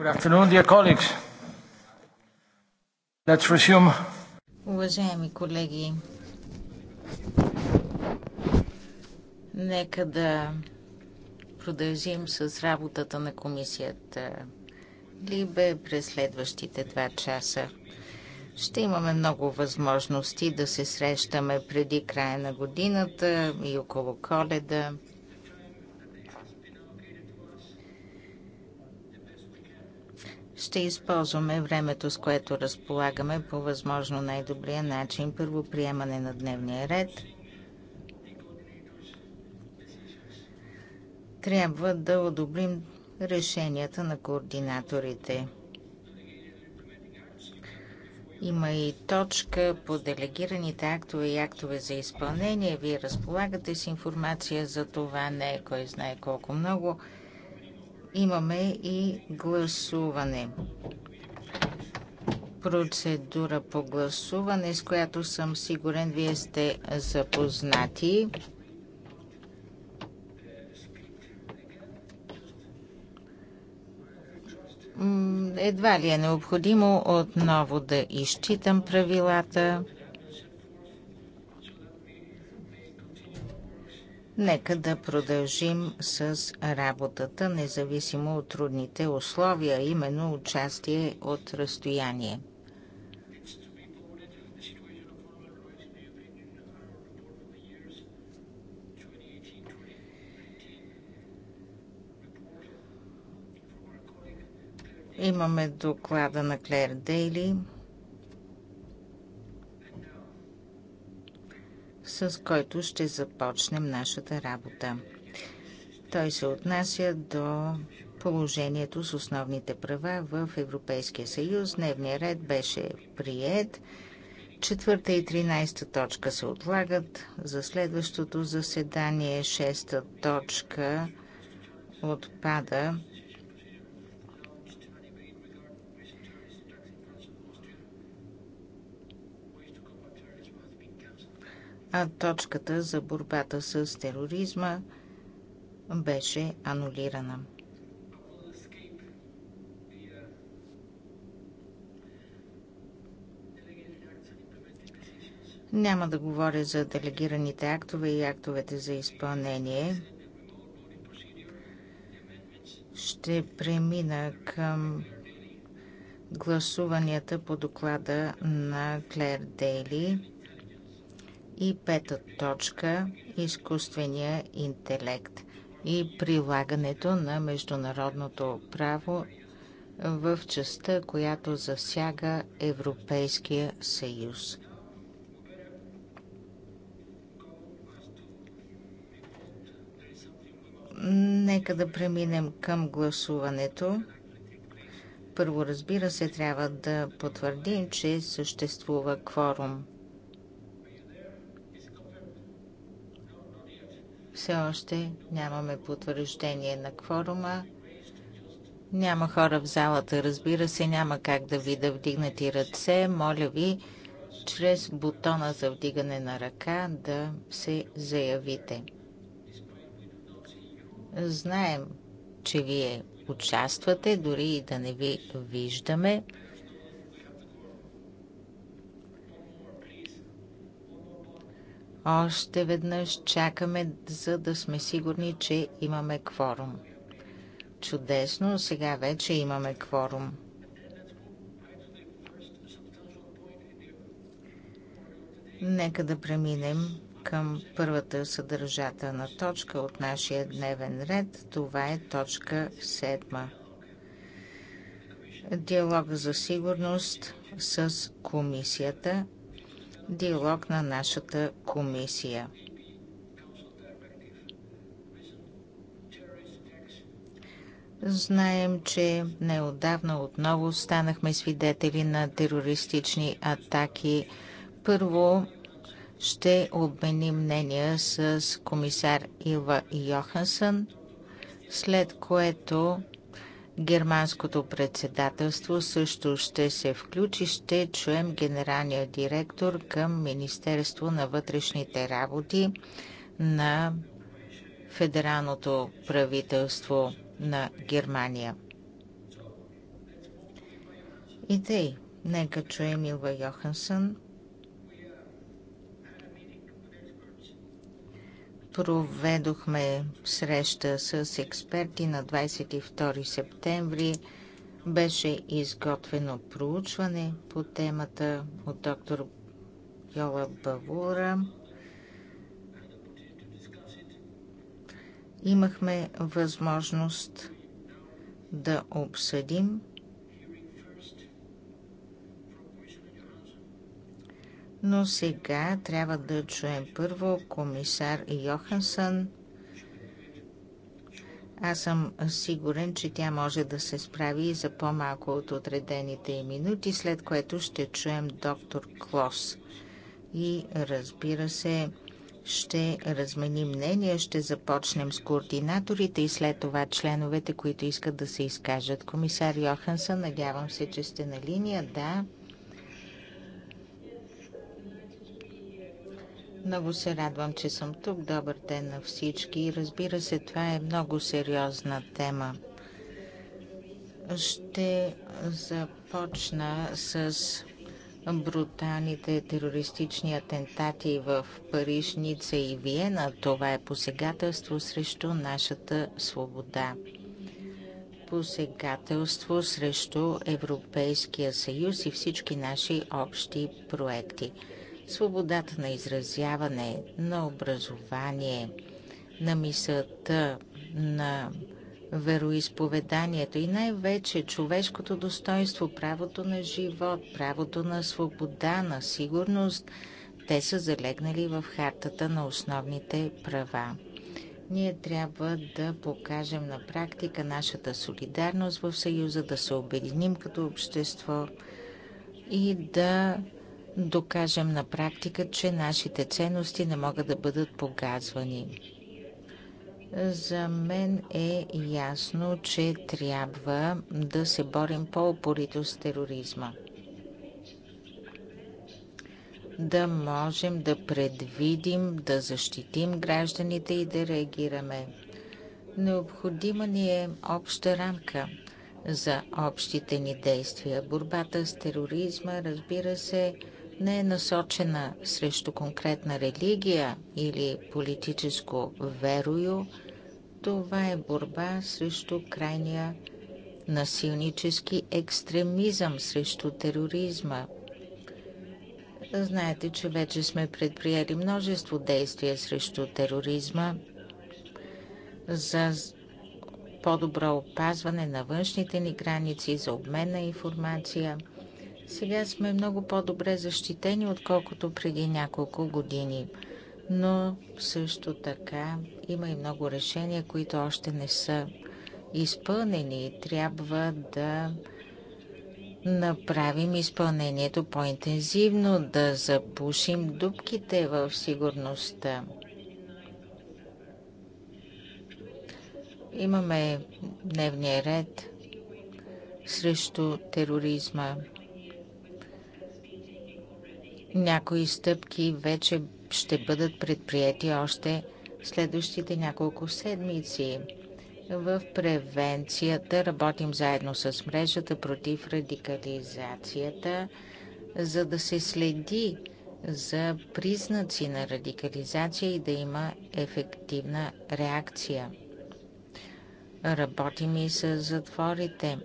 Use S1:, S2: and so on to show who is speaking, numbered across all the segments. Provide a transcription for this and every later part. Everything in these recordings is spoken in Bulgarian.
S1: Good afternoon, dear colleagues. Let's resume.
S2: Уважаеми колеги, нека да продължим с работата на комисията Либе през следващите два часа. Ще имаме много възможности да се срещаме преди края на годината и около коледа. Ще използваме времето, с което разполагаме по възможно най-добрия начин. Първо приемане на дневния ред. Трябва да одобрим решенията на координаторите. Има и точка по делегираните актове и актове за изпълнение. Вие разполагате с информация за това, не е кой знае колко много. Имаме и гласуване. Процедура по гласуване, с която съм сигурен, вие сте запознати. Едва ли е необходимо отново да изчитам правилата. Нека да продължим с работата, независимо от трудните условия, именно участие от разстояние. Имаме доклада на Клер Дейли. с който ще започнем нашата работа. Той се отнася до положението с основните права в Европейския съюз. Дневният ред беше прият. Четвърта и тринайста точка се отлагат за следващото заседание. Шеста точка отпада а точката за борбата с тероризма беше анулирана. Няма да говоря за делегираните актове и актовете за изпълнение. Ще премина към гласуванията по доклада на Клер Дейли. И пета точка – изкуствения интелект и прилагането на международното право в частта, която засяга Европейския съюз. Нека да преминем към гласуването. Първо, разбира се, трябва да потвърдим, че съществува кворум. Все още нямаме потвърждение на кворума. Няма хора в залата, разбира се, няма как да ви да вдигнати ръце. Моля ви, чрез бутона за вдигане на ръка да се заявите. Знаем, че вие участвате, дори и да не ви виждаме. Още веднъж чакаме, за да сме сигурни, че имаме кворум. Чудесно, сега вече имаме кворум. Нека да преминем към първата съдържателна точка от нашия дневен ред. Това е точка 7. Диалог за сигурност с комисията диалог на нашата комисия. Знаем, че неодавна отново станахме свидетели на терористични атаки. Първо ще обменим мнения с комисар Илва Йохансън, след което Германското председателство също ще се включи. Ще чуем генералния директор към Министерство на вътрешните работи на Федералното правителство на Германия. И тъй, нека чуем Илва Йохансън Проведохме среща с експерти на 22 септември. Беше изготвено проучване по темата от доктор Йола Бавура. Имахме възможност да обсъдим Но сега трябва да чуем първо комисар Йохансън. Аз съм сигурен, че тя може да се справи и за по-малко от отредените и минути, след което ще чуем доктор Клос. И разбира се, ще размени мнение, ще започнем с координаторите и след това членовете, които искат да се изкажат. Комисар Йохансън, надявам се, че сте на линия. Да. Много се радвам, че съм тук. Добър ден на всички. Разбира се, това е много сериозна тема. Ще започна с бруталните терористични атентати в Париж, Ница и Виена. Това е посегателство срещу нашата свобода. Посегателство срещу Европейския съюз и всички наши общи проекти свободата на изразяване, на образование, на мисълта, на вероисповеданието и най-вече човешкото достоинство, правото на живот, правото на свобода, на сигурност, те са залегнали в хартата на основните права. Ние трябва да покажем на практика нашата солидарност в Съюза, да се обединим като общество и да докажем на практика, че нашите ценности не могат да бъдат погазвани. За мен е ясно, че трябва да се борим по-опорито с тероризма. Да можем да предвидим, да защитим гражданите и да реагираме. Необходима ни е обща рамка за общите ни действия. Борбата с тероризма, разбира се, не е насочена срещу конкретна религия или политическо верою, това е борба срещу крайния насилнически екстремизъм, срещу тероризма. Знаете, че вече сме предприели множество действия срещу тероризма за по-добро опазване на външните ни граници, за обмен на информация – сега сме много по-добре защитени, отколкото преди няколко години. Но също така има и много решения, които още не са изпълнени. Трябва да направим изпълнението по-интензивно, да запушим дубките в сигурността. Имаме дневния ред срещу тероризма. Някои стъпки вече ще бъдат предприяти още следващите няколко седмици. В превенцията работим заедно с мрежата против радикализацията, за да се следи за признаци на радикализация и да има ефективна реакция. Работим и с затворите.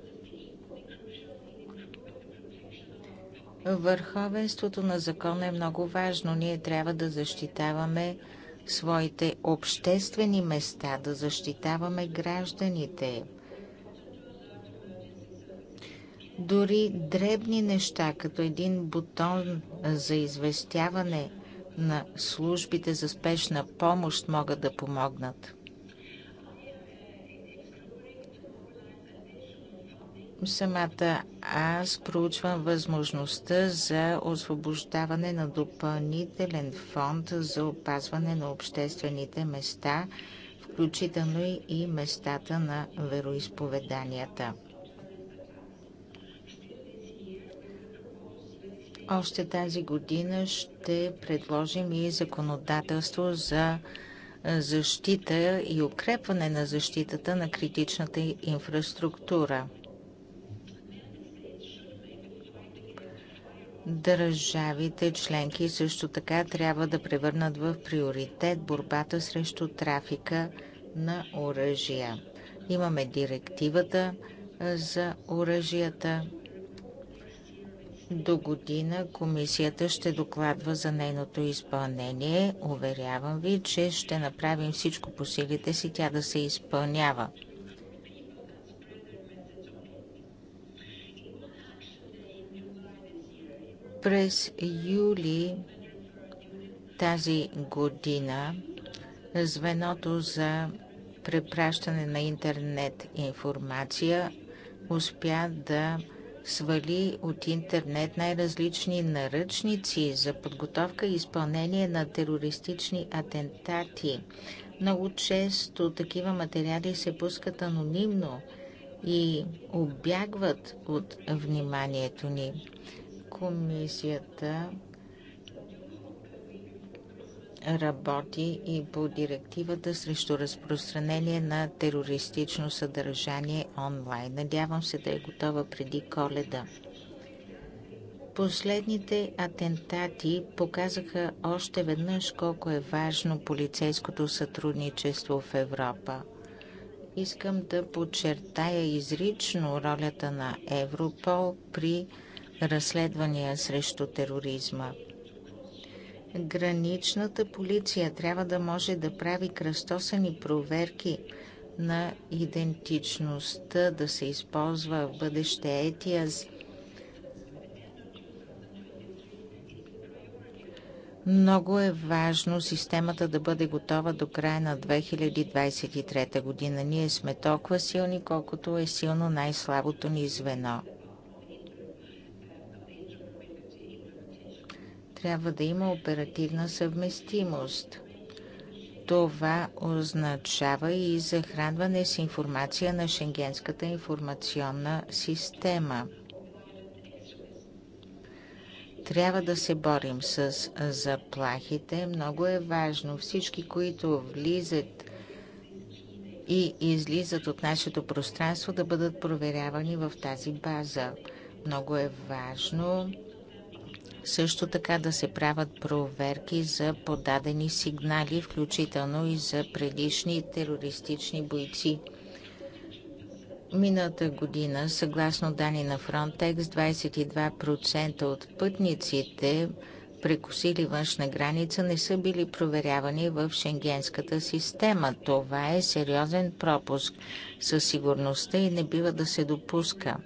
S2: Върховенството на закона е много важно. Ние трябва да защитаваме своите обществени места, да защитаваме гражданите. Дори дребни неща, като един бутон за известяване на службите за спешна помощ могат да помогнат. Самата аз проучвам възможността за освобождаване на допълнителен фонд за опазване на обществените места, включително и местата на вероисповеданията. Още тази година ще предложим и законодателство за защита и укрепване на защитата на критичната инфраструктура – Държавите членки също така трябва да превърнат в приоритет борбата срещу трафика на оръжия. Имаме директивата за оръжията. До година комисията ще докладва за нейното изпълнение. Уверявам ви, че ще направим всичко по силите си тя да се изпълнява. През юли тази година звеното за препращане на интернет информация успя да свали от интернет най-различни наръчници за подготовка и изпълнение на терористични атентати. Много често такива материали се пускат анонимно и обягват от вниманието ни. Комисията работи и по директивата срещу разпространение на терористично съдържание онлайн. Надявам се да е готова преди коледа. Последните атентати показаха още веднъж колко е важно полицейското сътрудничество в Европа. Искам да подчертая изрично ролята на Европол при разследвания срещу тероризма. Граничната полиция трябва да може да прави кръстосани проверки на идентичността, да се използва в бъдеще ЕТИАС. Много е важно системата да бъде готова до края на 2023 година. Ние сме толкова силни, колкото е силно най-слабото ни звено. трябва да има оперативна съвместимост. Това означава и захранване с информация на Шенгенската информационна система. Трябва да се борим с заплахите. Много е важно всички, които влизат и излизат от нашето пространство, да бъдат проверявани в тази база. Много е важно също така да се правят проверки за подадени сигнали, включително и за предишни терористични бойци. Миналата година, съгласно данни на Frontex, 22% от пътниците, прекусили външна граница, не са били проверявани в шенгенската система. Това е сериозен пропуск със сигурността и не бива да се допуска.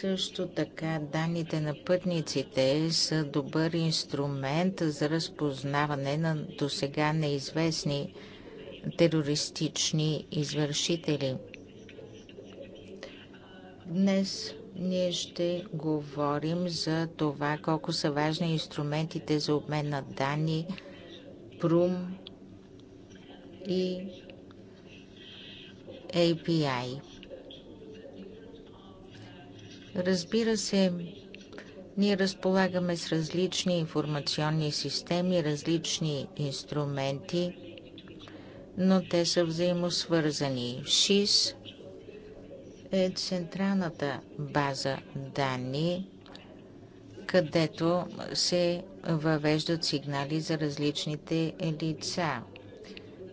S2: Също така данните на пътниците са добър инструмент за разпознаване на досега неизвестни терористични извършители. Днес ние ще говорим за това колко са важни инструментите за обмен на данни, ПРУМ и API. Разбира се, ние разполагаме с различни информационни системи, различни инструменти, но те са взаимосвързани. ШИС е централната база данни, където се въвеждат сигнали за различните лица.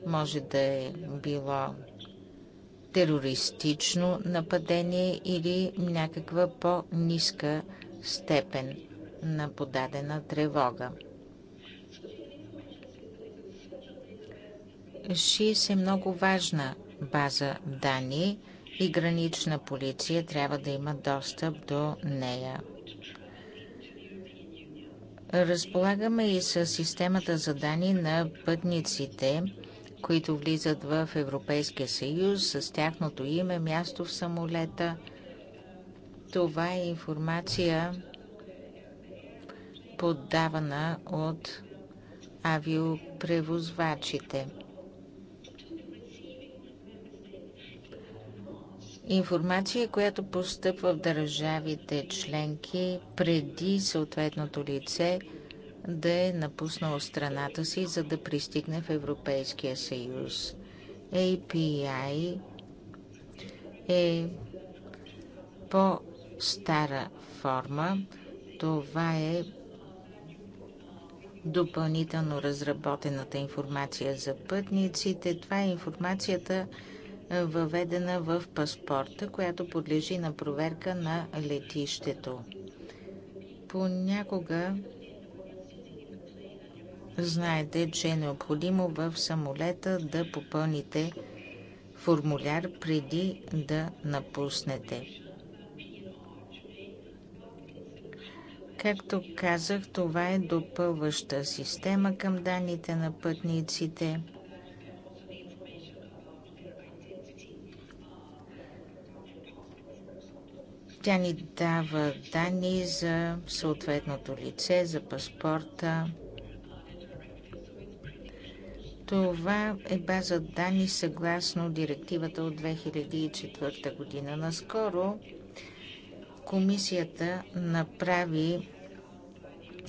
S2: Може да е било терористично нападение или някаква по-ниска степен на подадена тревога. ШИС е много важна база данни и гранична полиция трябва да има достъп до нея. Разполагаме и с системата за данни на пътниците – които влизат в Европейския съюз с тяхното име, място в самолета. Това е информация поддавана от авиопревозвачите. Информация, която постъпва в държавите членки преди съответното лице – да е напуснал страната си, за да пристигне в Европейския съюз. API е по-стара форма. Това е допълнително разработената информация за пътниците. Това е информацията, въведена в паспорта, която подлежи на проверка на летището. Понякога Знаете, че е необходимо в самолета да попълните формуляр преди да напуснете. Както казах, това е допълваща система към данните на пътниците. Тя ни дава данни за съответното лице, за паспорта, това е база данни съгласно директивата от 2004 година. Наскоро комисията направи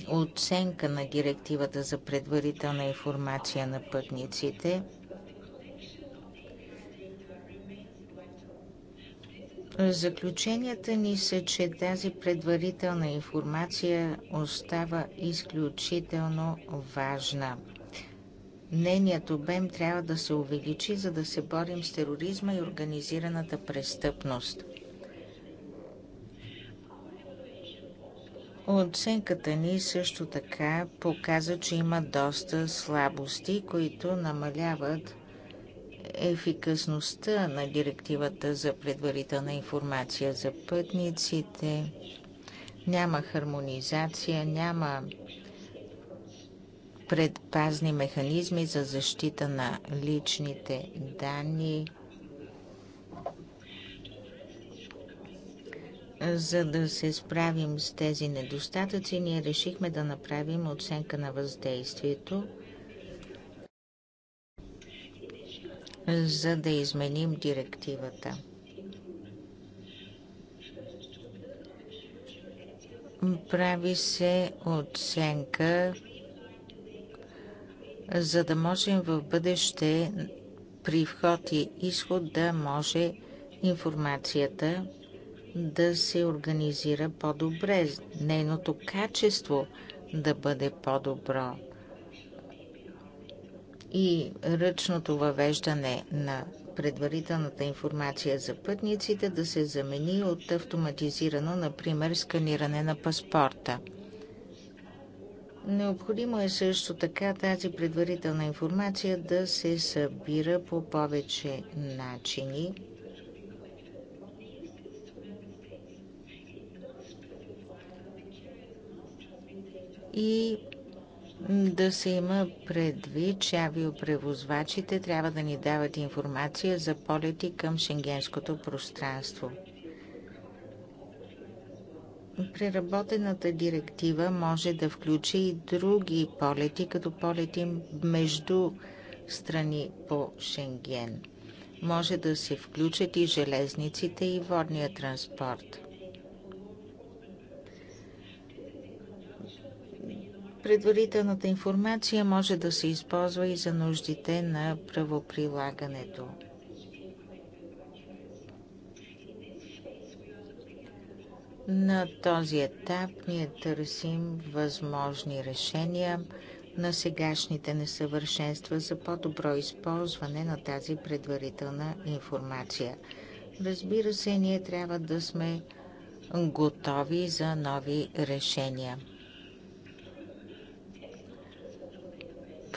S2: оценка на директивата за предварителна информация на пътниците. Заключенията ни са, че тази предварителна информация остава изключително важна – Нейният обем трябва да се увеличи, за да се борим с тероризма и организираната престъпност. Оценката ни също така показа, че има доста слабости, които намаляват ефикасността на директивата за предварителна информация за пътниците. Няма хармонизация, няма предпазни механизми за защита на личните данни, За да се справим с тези недостатъци, ние решихме да направим оценка на въздействието, за да изменим директивата. Прави се оценка за да можем в бъдеще при вход и изход да може информацията да се организира по-добре, нейното качество да бъде по-добро. И ръчното въвеждане на предварителната информация за пътниците да се замени от автоматизирано, например, сканиране на паспорта. Необходимо е също така тази предварителна информация да се събира по повече начини. И да се има предвид, че авиопревозвачите трябва да ни дават информация за полети към шенгенското пространство. Преработената директива може да включи и други полети, като полети между страни по Шенген. Може да се включат и железниците и водния транспорт. Предварителната информация може да се използва и за нуждите на правоприлагането. На този етап ние търсим възможни решения на сегашните несъвършенства за по-добро използване на тази предварителна информация. Разбира се, ние трябва да сме готови за нови решения.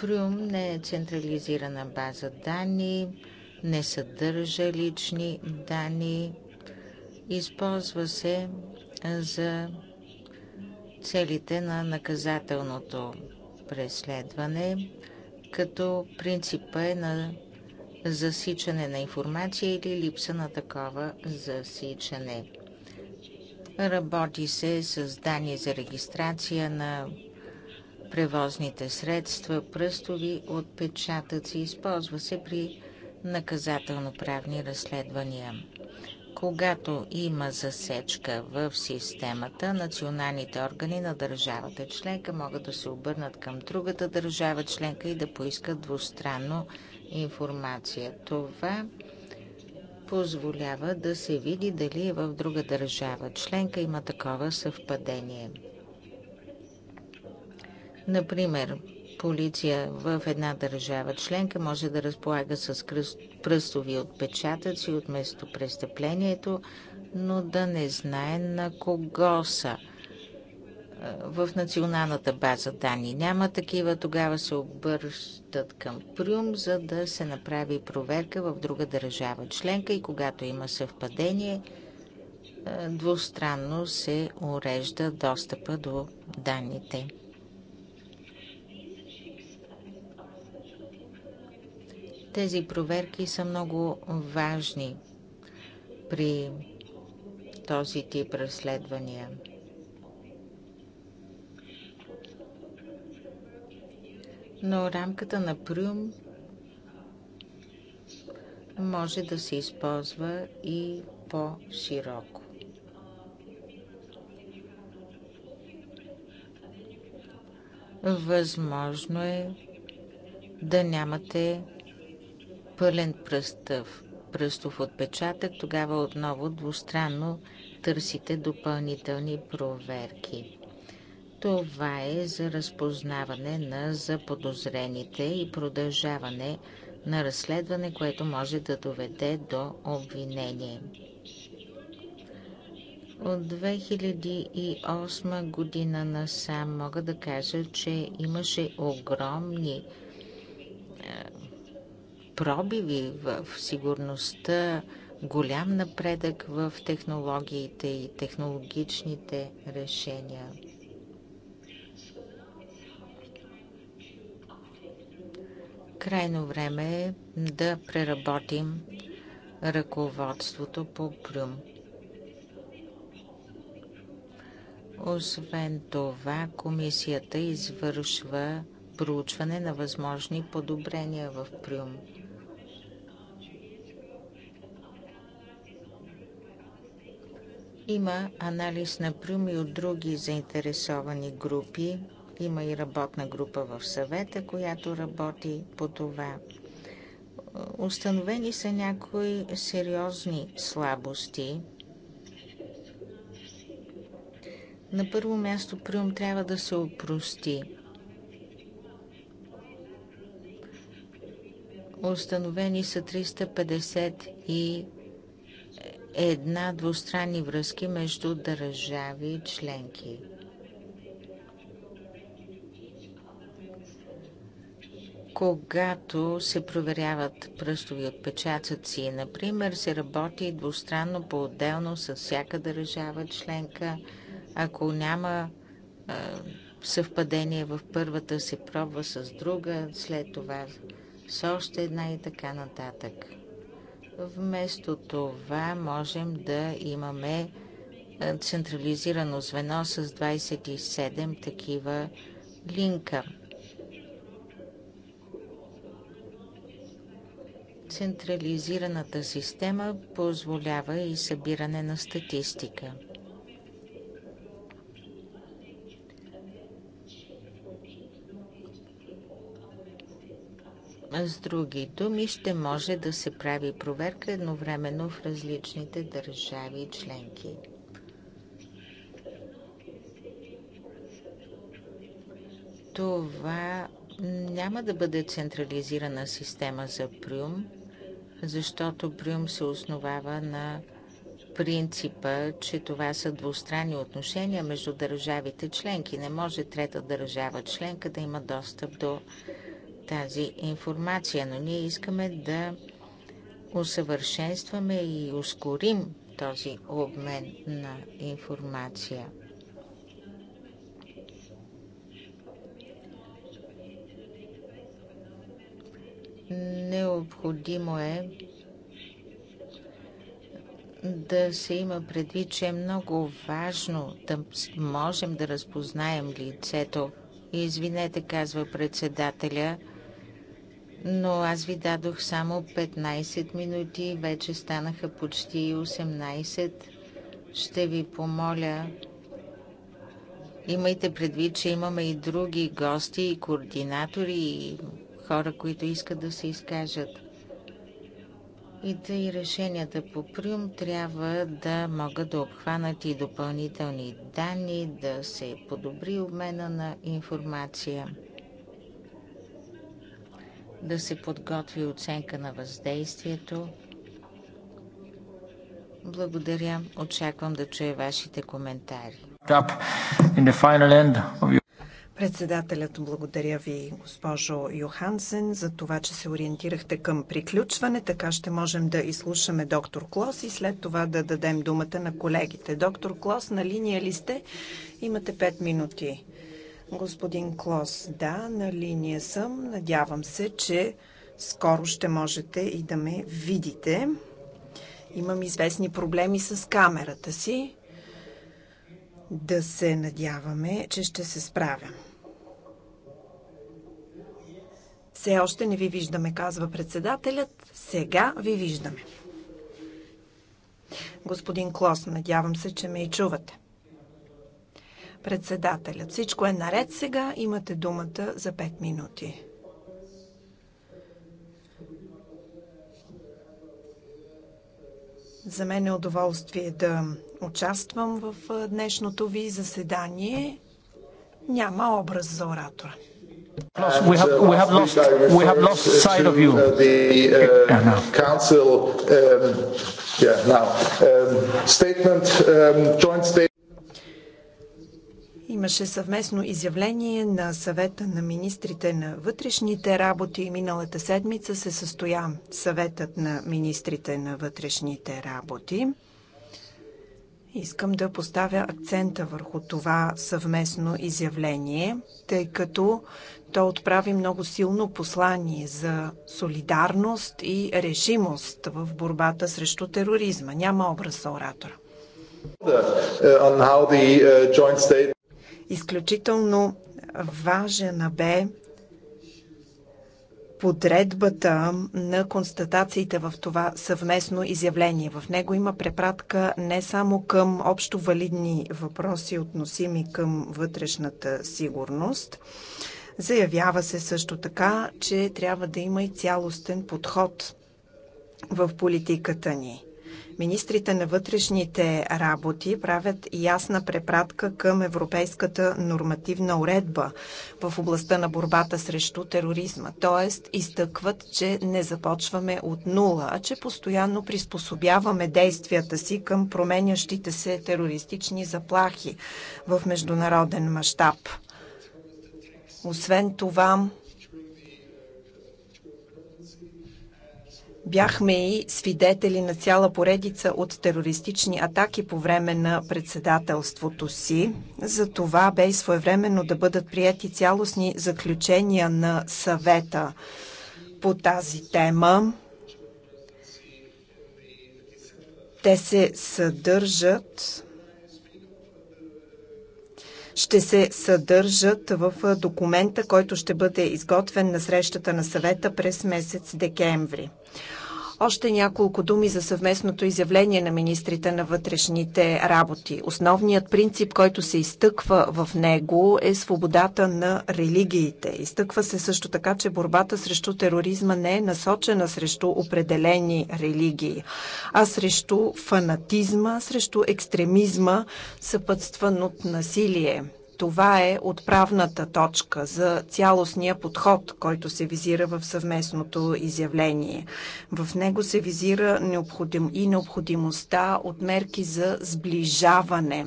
S2: Прюм не е централизирана база данни, не съдържа лични данни, използва се за целите на наказателното преследване, като принципа е на засичане на информация или липса на такова засичане. Работи се с данни за регистрация на превозните средства, пръстови отпечатъци. Използва се при наказателно-правни разследвания. Когато има засечка в системата, националните органи на държавата членка могат да се обърнат към другата държава членка и да поискат двустранно информация. Това позволява да се види дали е в друга държава членка има такова съвпадение. Например, полиция в една държава членка може да разполага с пръстови отпечатъци от местопрестъплението, но да не знае на кого са. Е, в националната база данни няма такива, тогава се обръщат към Прюм, за да се направи проверка в друга държава членка и когато има съвпадение, е, двустранно се урежда достъпа до данните. Тези проверки са много важни при този тип разследвания. Но рамката на Прюм може да се използва и по-широко. Възможно е да нямате пълен пръстъв, пръстов отпечатък, тогава отново двустранно търсите допълнителни проверки. Това е за разпознаване на заподозрените и продължаване на разследване, което може да доведе до обвинение. От 2008 година насам мога да кажа, че имаше огромни е, пробиви в сигурността, голям напредък в технологиите и технологичните решения. Крайно време е да преработим ръководството по Прюм. Освен това, комисията извършва проучване на възможни подобрения в Прюм. Има анализ на прюми от други заинтересовани групи. Има и работна група в съвета, която работи по това. Установени са някои сериозни слабости. На първо място прюм трябва да се опрости. Установени са 350 и една двустранни връзки между държави и членки. Когато се проверяват пръстови отпечатъци, например, се работи двустранно по-отделно с всяка държава членка. Ако няма е, съвпадение в първата, се пробва с друга, след това с още една и така нататък. Вместо това можем да имаме централизирано звено с 27 такива линка. Централизираната система позволява и събиране на статистика. С други думи, ще може да се прави проверка едновременно в различните държави и членки. Това няма да бъде централизирана система за Прюм, защото Прюм се основава на принципа, че това са двустранни отношения между държавите членки. Не може трета държава членка да има достъп до тази информация, но ние искаме да усъвършенстваме и ускорим този обмен на информация. Необходимо е да се има предвид, че е много важно да можем да разпознаем лицето. Извинете, казва председателя, но аз ви дадох само 15 минути, вече станаха почти 18. Ще ви помоля, имайте предвид, че имаме и други гости, и координатори, и хора, които искат да се изкажат. И да и решенията по Прюм трябва да могат да обхванат и допълнителни данни, да се подобри обмена на информация да се подготви оценка на въздействието. Благодаря. Очаквам да чуя вашите коментари.
S3: Председателят, благодаря ви, госпожо Йохансен, за това, че се ориентирахте към приключване. Така ще можем да изслушаме доктор Клос и след това да дадем думата на колегите. Доктор Клос, на линия ли сте? Имате 5 минути. Господин Клос, да, на линия съм. Надявам се, че скоро ще можете и да ме видите. Имам известни проблеми с камерата си. Да се надяваме, че ще се справя. Все още не ви виждаме, казва председателят. Сега ви виждаме. Господин Клос, надявам се, че ме и чувате. Председателят. Всичко е наред сега. Имате думата за 5 минути. За мен е удоволствие да участвам в днешното ви заседание. Няма образ за оратора. Имаше съвместно изявление на съвета на министрите на вътрешните работи. Миналата седмица се състоя съветът на министрите на вътрешните работи. Искам да поставя акцента върху това съвместно изявление, тъй като то отправи много силно послание за солидарност и решимост в борбата срещу тероризма. Няма образ за оратора.
S4: Uh, uh,
S3: Изключително важен бе подредбата на констатациите в това съвместно изявление. В него има препратка не само към общо валидни въпроси, относими към вътрешната сигурност. Заявява се също така, че трябва да има и цялостен подход в политиката ни. Министрите на вътрешните работи правят ясна препратка към европейската нормативна уредба в областта на борбата срещу тероризма. Тоест, изтъкват, че не започваме от нула, а че постоянно приспособяваме действията си към променящите се терористични заплахи в международен мащаб. Освен това, Бяхме и свидетели на цяла поредица от терористични атаки по време на председателството си. За това бе и своевременно да бъдат прияти цялостни заключения на съвета по тази тема. Те се съдържат ще се съдържат в документа, който ще бъде изготвен на срещата на съвета през месец декември. Още няколко думи за съвместното изявление на министрите на вътрешните работи. Основният принцип, който се изтъква в него е свободата на религиите. Изтъква се също така, че борбата срещу тероризма не е насочена срещу определени религии, а срещу фанатизма, срещу екстремизма, съпътстван от насилие. Това е отправната точка за цялостния подход, който се визира в съвместното изявление. В него се визира необходим и необходимостта от мерки за сближаване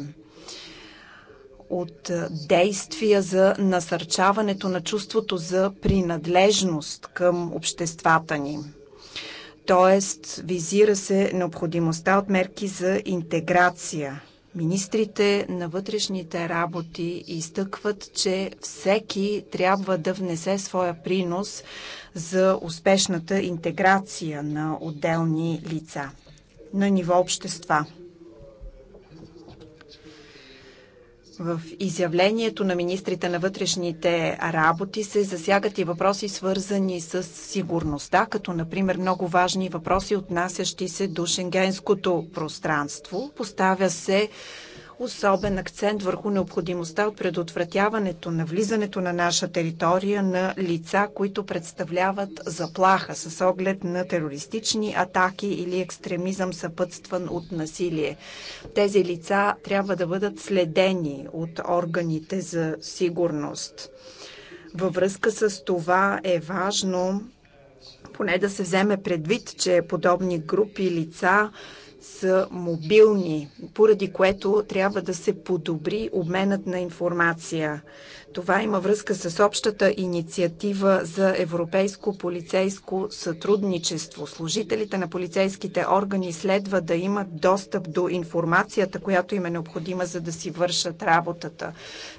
S3: от действия за насърчаването на чувството за принадлежност към обществата ни. Тоест, визира се необходимостта от мерки за интеграция, Министрите на вътрешните работи изтъкват, че всеки трябва да внесе своя принос за успешната интеграция на отделни лица на ниво общества. В изявлението на министрите на вътрешните работи се засягат и въпроси свързани с сигурността, като например много важни въпроси, отнасящи се до шенгенското пространство. Поставя се особен акцент върху необходимостта от предотвратяването на влизането на наша територия на лица, които представляват заплаха с оглед на терористични атаки или екстремизъм съпътстван от насилие. Тези лица трябва да бъдат следени от органите за сигурност. Във връзка с това е важно поне да се вземе предвид, че подобни групи лица са мобилни, поради което трябва да се подобри обменът на информация. Това има връзка с общата инициатива за европейско полицейско сътрудничество. Служителите на полицейските органи следва да имат достъп до информацията, която им е необходима, за да си вършат работата.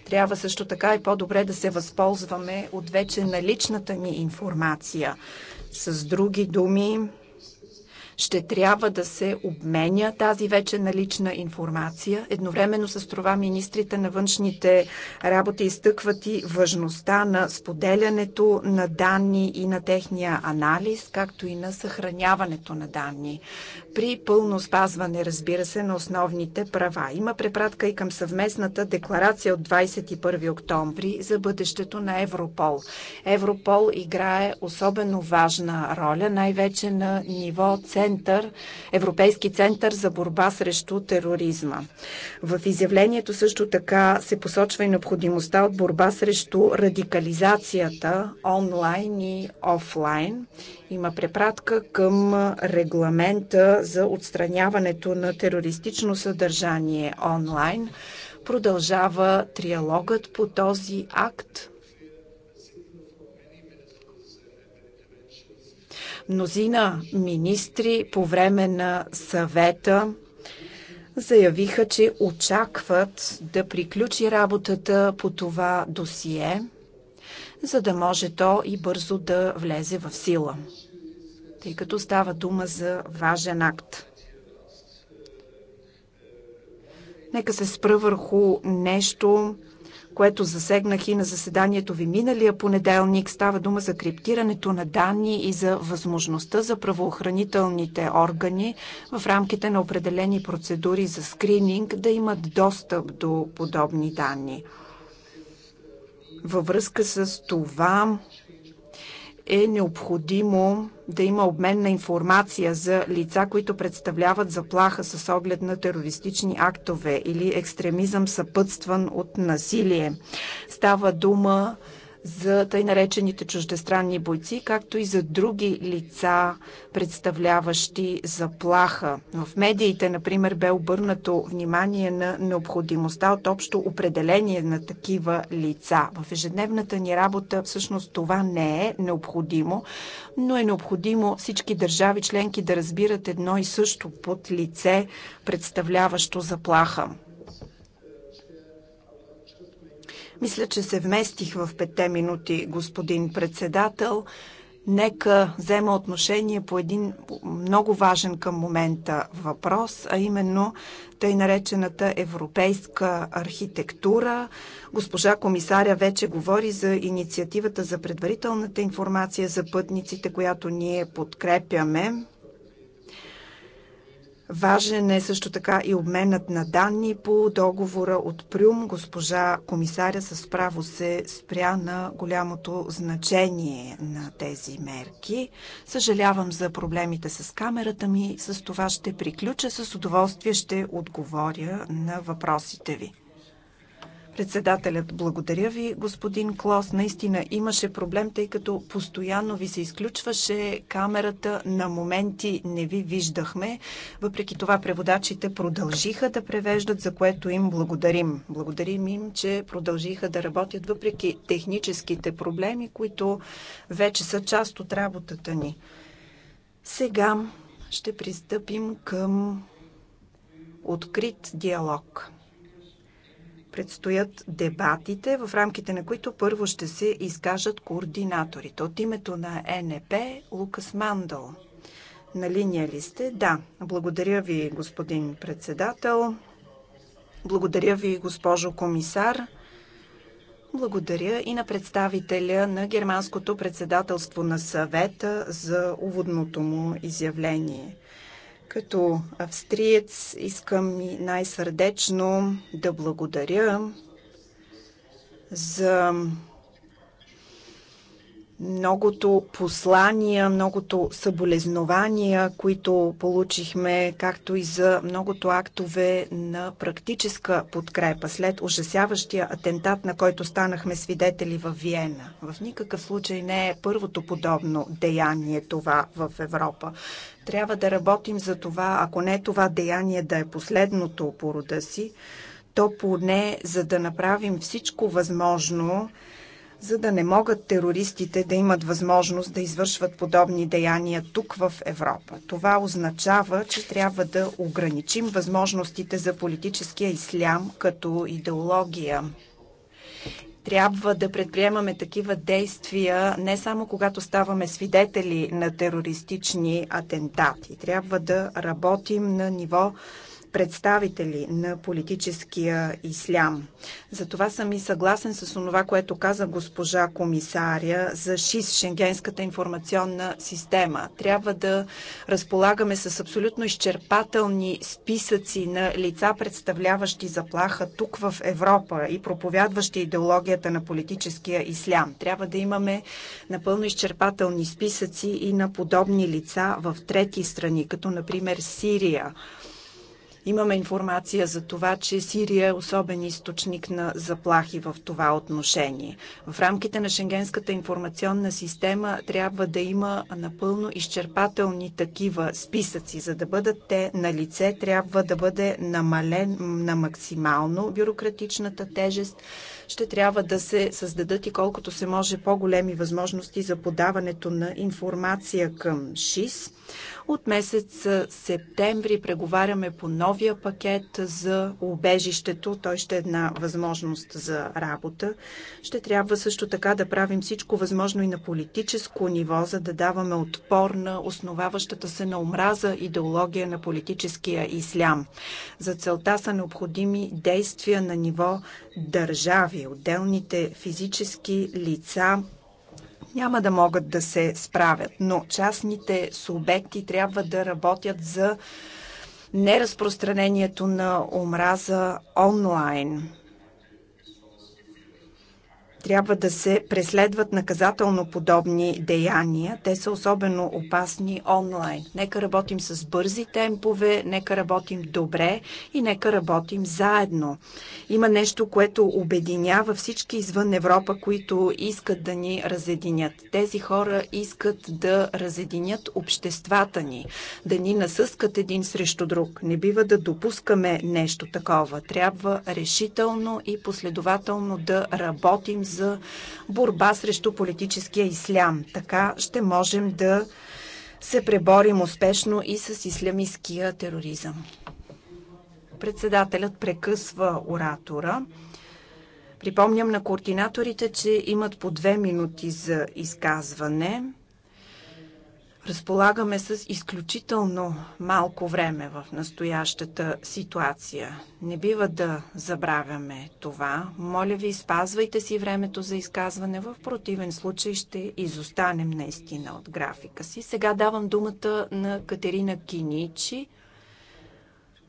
S3: Трябва също така и по-добре да се възползваме от вече наличната ни информация. С други думи, ще трябва да се обменя тази вече налична информация. Едновременно с това министрите на външните работи изтъкват и важността на споделянето на данни и на техния анализ, както и на съхраняването на данни. При пълно спазване, разбира се, на основните права. Има препратка и към съвместната декларация от 21 октомври за бъдещето на Европол. Европол играе особено важна роля, най-вече на ниво цен център, Европейски център за борба срещу тероризма. В изявлението също така се посочва и необходимостта от борба срещу радикализацията онлайн и офлайн. Има препратка към регламента за отстраняването на терористично съдържание онлайн. Продължава триалогът по този акт. Мнозина министри по време на съвета заявиха, че очакват да приключи работата по това досие, за да може то и бързо да влезе в сила, тъй като става дума за важен акт. Нека се спра върху нещо, което засегнах и на заседанието ви миналия понеделник. Става дума за криптирането на данни и за възможността за правоохранителните органи в рамките на определени процедури за скрининг да имат достъп до подобни данни. Във връзка с това е необходимо да има обмен на информация за лица, които представляват заплаха с оглед на терористични актове или екстремизъм, съпътстван от насилие. Става дума за тъй наречените чуждестранни бойци, както и за други лица, представляващи заплаха. В медиите, например, бе обърнато внимание на необходимостта от общо определение на такива лица. В ежедневната ни работа всъщност това не е необходимо, но е необходимо всички държави членки да разбират едно и също под лице, представляващо заплаха. Мисля, че се вместих в петте минути, господин председател. Нека взема отношение по един много важен към момента въпрос, а именно тъй наречената европейска архитектура. Госпожа комисаря вече говори за инициативата за предварителната информация за пътниците, която ние подкрепяме. Важен е също така и обменът на данни по договора от Прюм. Госпожа комисаря с право се спря на голямото значение на тези мерки. Съжалявам за проблемите с камерата ми. С това ще приключа. С удоволствие ще отговоря на въпросите ви. Председателят, благодаря ви, господин Клос. Наистина имаше проблем, тъй като постоянно ви се изключваше камерата. На моменти не ви виждахме. Въпреки това преводачите продължиха да превеждат, за което им благодарим. Благодарим им, че продължиха да работят въпреки техническите проблеми, които вече са част от работата ни. Сега ще пристъпим към открит диалог. Предстоят дебатите, в рамките на които първо ще се изкажат координаторите. От името на НП Лукас Мандъл. На линия ли сте? Да. Благодаря ви, господин председател. Благодаря ви, госпожо комисар. Благодаря и на представителя на Германското председателство на съвета за уводното му изявление. Като австриец искам и най-сърдечно да благодаря за многото послания, многото съболезнования, които получихме, както и за многото актове на практическа подкрепа след ужасяващия атентат, на който станахме свидетели в Виена. В никакъв случай не е първото подобно деяние това в Европа. Трябва да работим за това, ако не това деяние да е последното по рода си, то поне за да направим всичко възможно, за да не могат терористите да имат възможност да извършват подобни деяния тук в Европа. Това означава, че трябва да ограничим възможностите за политическия ислям като идеология трябва да предприемаме такива действия не само когато ставаме свидетели на терористични атентати. Трябва да работим на ниво представители на политическия ислям. Затова съм и съгласен с това, което каза госпожа комисаря за ШИС, Шенгенската информационна система. Трябва да разполагаме с абсолютно изчерпателни списъци на лица, представляващи заплаха тук в Европа и проповядващи идеологията на политическия ислям. Трябва да имаме напълно изчерпателни списъци и на подобни лица в трети страни, като например Сирия. Имаме информация за това, че Сирия е особен източник на заплахи в това отношение. В рамките на Шенгенската информационна система трябва да има напълно изчерпателни такива списъци. За да бъдат те на лице, трябва да бъде намален на максимално бюрократичната тежест. Ще трябва да се създадат и колкото се може по-големи възможности за подаването на информация към ШИС. От месец септември преговаряме по новия пакет за убежището. Той ще е една възможност за работа. Ще трябва също така да правим всичко възможно и на политическо ниво, за да даваме отпор на основаващата се на омраза идеология на политическия ислям. За целта са необходими действия на ниво държави, отделните физически лица, няма да могат да се справят, но частните субекти трябва да работят за неразпространението на омраза онлайн трябва да се преследват наказателно подобни деяния. Те са особено опасни онлайн. Нека работим с бързи темпове, нека работим добре и нека работим заедно. Има нещо, което обединява всички извън Европа, които искат да ни разединят. Тези хора искат да разединят обществата ни, да ни насъскат един срещу друг. Не бива да допускаме нещо такова. Трябва решително и последователно да работим за борба срещу политическия ислям. Така ще можем да се преборим успешно и с ислямистския тероризъм. Председателят прекъсва оратора. Припомням на координаторите, че имат по две минути за изказване. Разполагаме с изключително малко време в настоящата ситуация. Не бива да забравяме това. Моля ви, спазвайте си времето за изказване. В противен случай ще изостанем наистина от графика си. Сега давам думата на Катерина Киничи.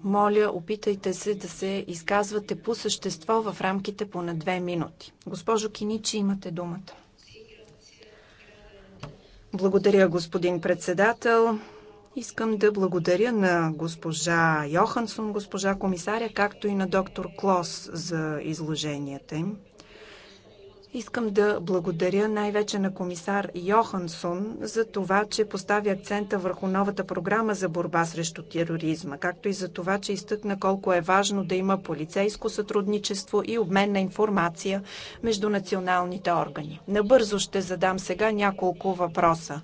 S3: Моля, опитайте се да се изказвате по същество в рамките по на две минути. Госпожо Киничи, имате думата. Благодаря, господин председател. Искам да благодаря на госпожа Йохансон, госпожа комисаря, както и на доктор Клос за изложенията им. Искам да благодаря най-вече на комисар Йохансон за това, че постави акцента върху новата програма за борба срещу тероризма, както и за това, че изтъкна колко е важно да има полицейско сътрудничество и обмен на информация между националните органи. Набързо ще задам сега няколко въпроса.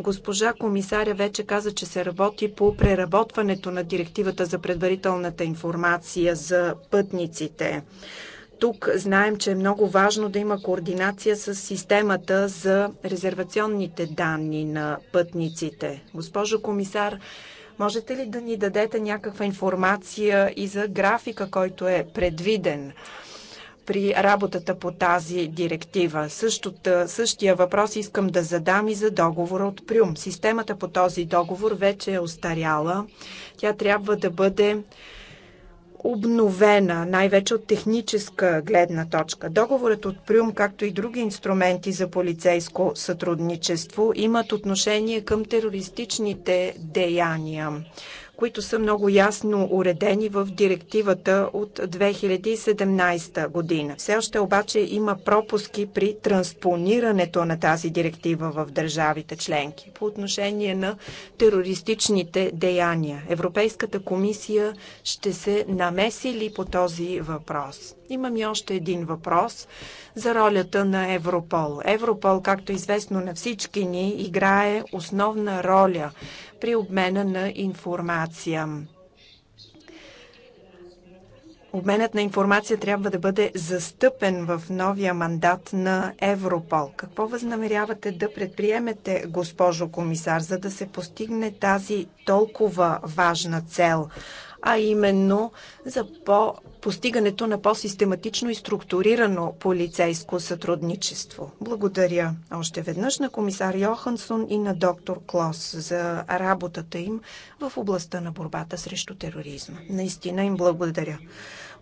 S3: Госпожа комисаря вече каза, че се работи по преработването на директивата за предварителната информация за пътниците тук знаем, че е много важно да има координация с системата за резервационните данни на пътниците. Госпожо комисар, можете ли да ни дадете някаква информация и за графика, който е предвиден? при работата по тази директива. Същата, същия въпрос искам да задам и за договора от Прюм. Системата по този договор вече е остаряла. Тя трябва да бъде обновена, най-вече от техническа гледна точка. Договорът от Прюм, както и други инструменти за полицейско сътрудничество, имат отношение към терористичните деяния които са много ясно уредени в директивата от 2017 година. Все още обаче има пропуски при транспонирането на тази директива в държавите членки по отношение на терористичните деяния. Европейската комисия ще се намеси ли по този въпрос? Имам и още един въпрос за ролята на Европол. Европол, както известно на всички ни, играе основна роля при обмена на информация. Обменът на информация трябва да бъде застъпен в новия мандат на Европол. Какво възнамерявате да предприемете, госпожо комисар, за да се постигне тази толкова важна цел, а именно за по постигането на по-систематично и структурирано полицейско сътрудничество. Благодаря още веднъж на комисар Йохансон и на доктор Клос за работата им в областта на борбата срещу тероризма. Наистина им благодаря.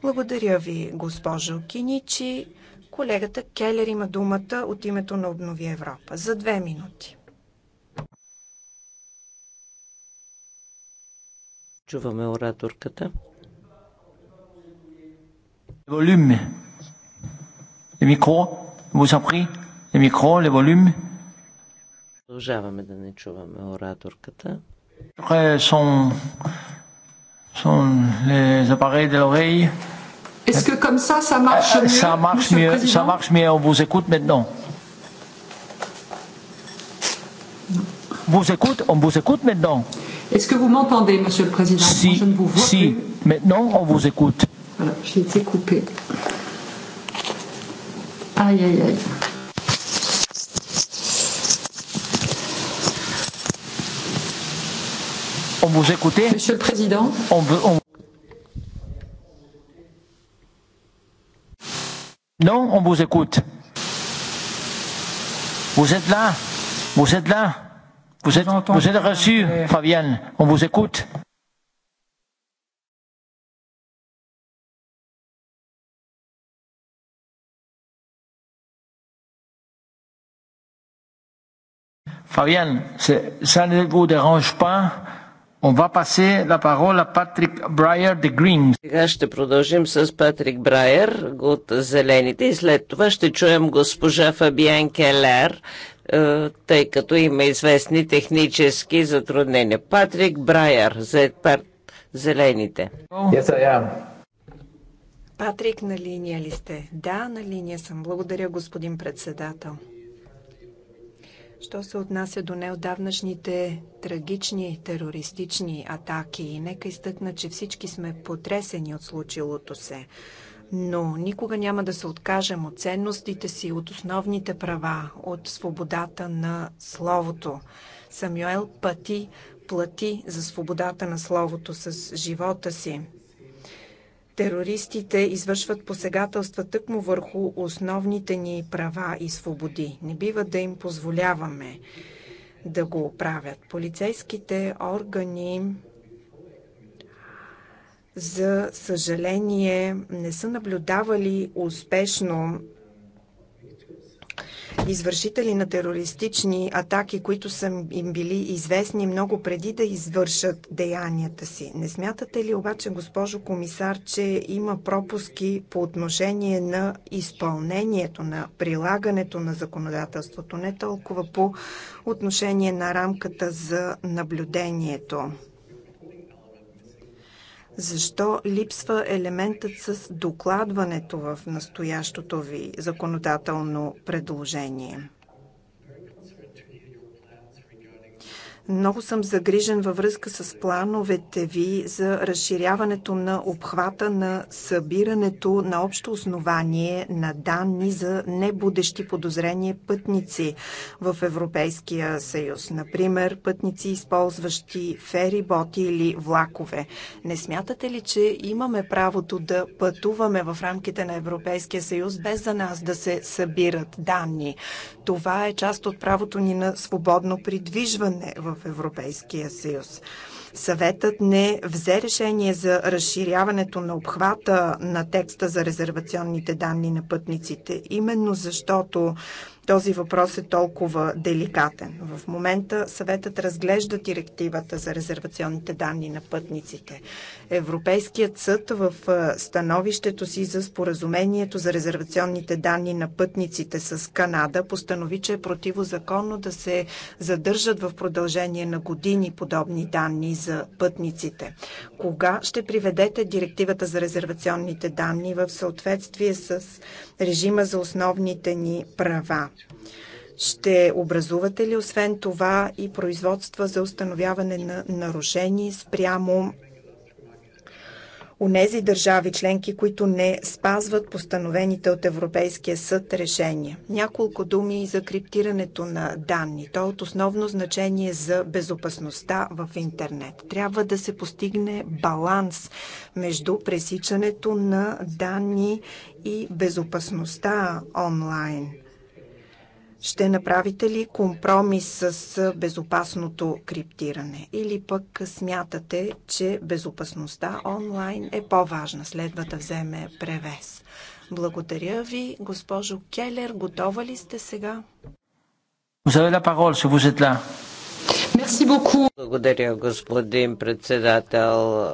S3: Благодаря ви, госпожо Киничи. Колегата Келер има думата от името на Обнови Европа за две минути.
S5: Чуваме ораторката. Volume.
S1: Le micro, vous en Le micro, le volume.
S5: Продължаваме да не чуваме ораторката.
S1: Son, son les appareils de l'oreille. Est-ce que comme ça, ça marche mieux Ça marche mieux, ça marche mieux. On vous écoute maintenant. Vous écoute, on vous écoute maintenant. Est-ce que vous m'entendez, Monsieur le Président si, Je ne vous vois si. plus. Maintenant, on vous écoute. Voilà, j'ai été coupé. Aïe, aïe, aïe. On vous écoutait Monsieur le Président on veut, on... Non, on vous écoute. Vous êtes là Vous êtes là Vous êtes, vous êtes reçu, Fabienne. On vous écoute. Fabienne, ça ne vous dérange pas On va passer la parole à Patrick Breyer de Greens.
S5: Сега ще продължим с Патрик Брайер от Зелените и след това ще чуем госпожа Фабиан Келер, е, тъй като има известни технически затруднения. Патрик Брайер, за пар... Зелените.
S6: Yes, I am.
S3: Патрик, на линия ли сте? Да, на линия съм. Благодаря, господин председател. Що се отнася до неодавнашните трагични терористични атаки, нека изтъкна, че всички сме потресени от случилото се но никога няма да се откажем от ценностите си, от основните права, от свободата на словото. Самюел пъти плати за свободата на словото с живота си. Терористите извършват посегателства тъкмо върху основните ни права и свободи. Не бива да им позволяваме да го правят. Полицейските органи за съжаление, не са наблюдавали успешно извършители на терористични атаки, които са им били известни много преди да извършат деянията си. Не смятате ли обаче, госпожо комисар, че има пропуски по отношение на изпълнението, на прилагането на законодателството, не толкова по отношение на рамката за наблюдението? защо липсва елементът с докладването в настоящото ви законодателно предложение. Много съм загрижен във връзка с плановете ви за разширяването на обхвата на събирането на общо основание на данни за небудещи подозрение пътници в Европейския съюз. Например, пътници, използващи фериботи или влакове. Не смятате ли, че имаме правото да пътуваме в рамките на Европейския съюз без за нас да се събират данни? Това е част от правото ни на свободно придвижване в Европейския съюз. Съветът не взе решение за разширяването на обхвата на текста за резервационните данни на пътниците, именно защото този въпрос е толкова деликатен. В момента съветът разглежда директивата за резервационните данни на пътниците. Европейският съд в становището си за споразумението за резервационните данни на пътниците с Канада постанови, че е противозаконно да се задържат в продължение на години подобни данни за пътниците. Кога ще приведете директивата за резервационните данни в съответствие с режима за основните ни права? Ще образувате ли освен това и производства за установяване на нарушения спрямо онези държави членки, които не спазват постановените от Европейския съд решения. Няколко думи и за криптирането на данни. То е от основно значение за безопасността в интернет. Трябва да се постигне баланс между пресичането на данни и безопасността онлайн. Ще направите ли компромис с безопасното криптиране? Или пък смятате, че безопасността онлайн е по-важна, следва да вземе превес? Благодаря ви, госпожо Келер. Готова ли сте сега?
S1: Vous avez la parole, si vous êtes là.
S5: Благодаря, господин председател.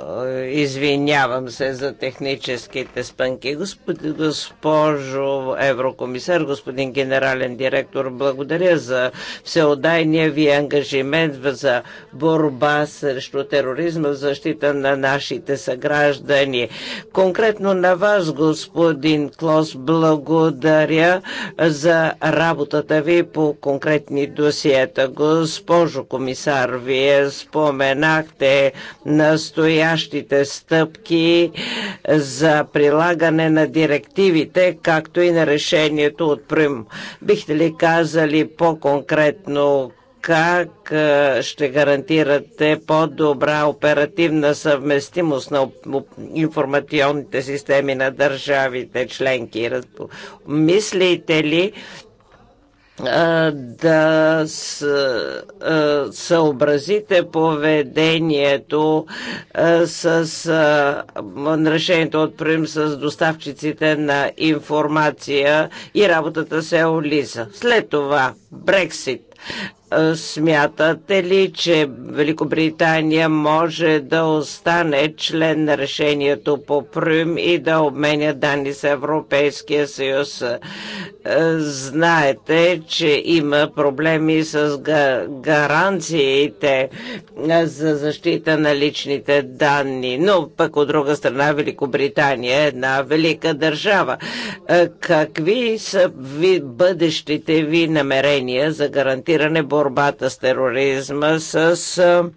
S5: Извинявам се за техническите спънки. Господ, госпожо еврокомисар, господин генерален директор, благодаря за всеодайния ви ангажимент за борба срещу тероризма в защита на нашите съграждани. Конкретно на вас, господин Клос, благодаря за работата ви по конкретни досиета. Госпожо комисар, комисар, вие споменахте настоящите стъпки за прилагане на директивите, както и на решението от Прим. Бихте ли казали по-конкретно как е, ще гарантирате по-добра оперативна съвместимост на информационните системи на държавите членки? Мислите ли, да съобразите поведението с решението от Прим с доставчиците на информация и работата се олиза. След това Брексит е, смятате ли, че Великобритания може да остане член на решението по Прим и да обменя данни с Европейския съюз? Е, знаете, че има проблеми с гаранциите е, за защита на личните данни, но пък от друга страна Великобритания е една велика държава. Какви са ви, бъдещите ви намерения за гарантиране финансиране борбата с тероризма с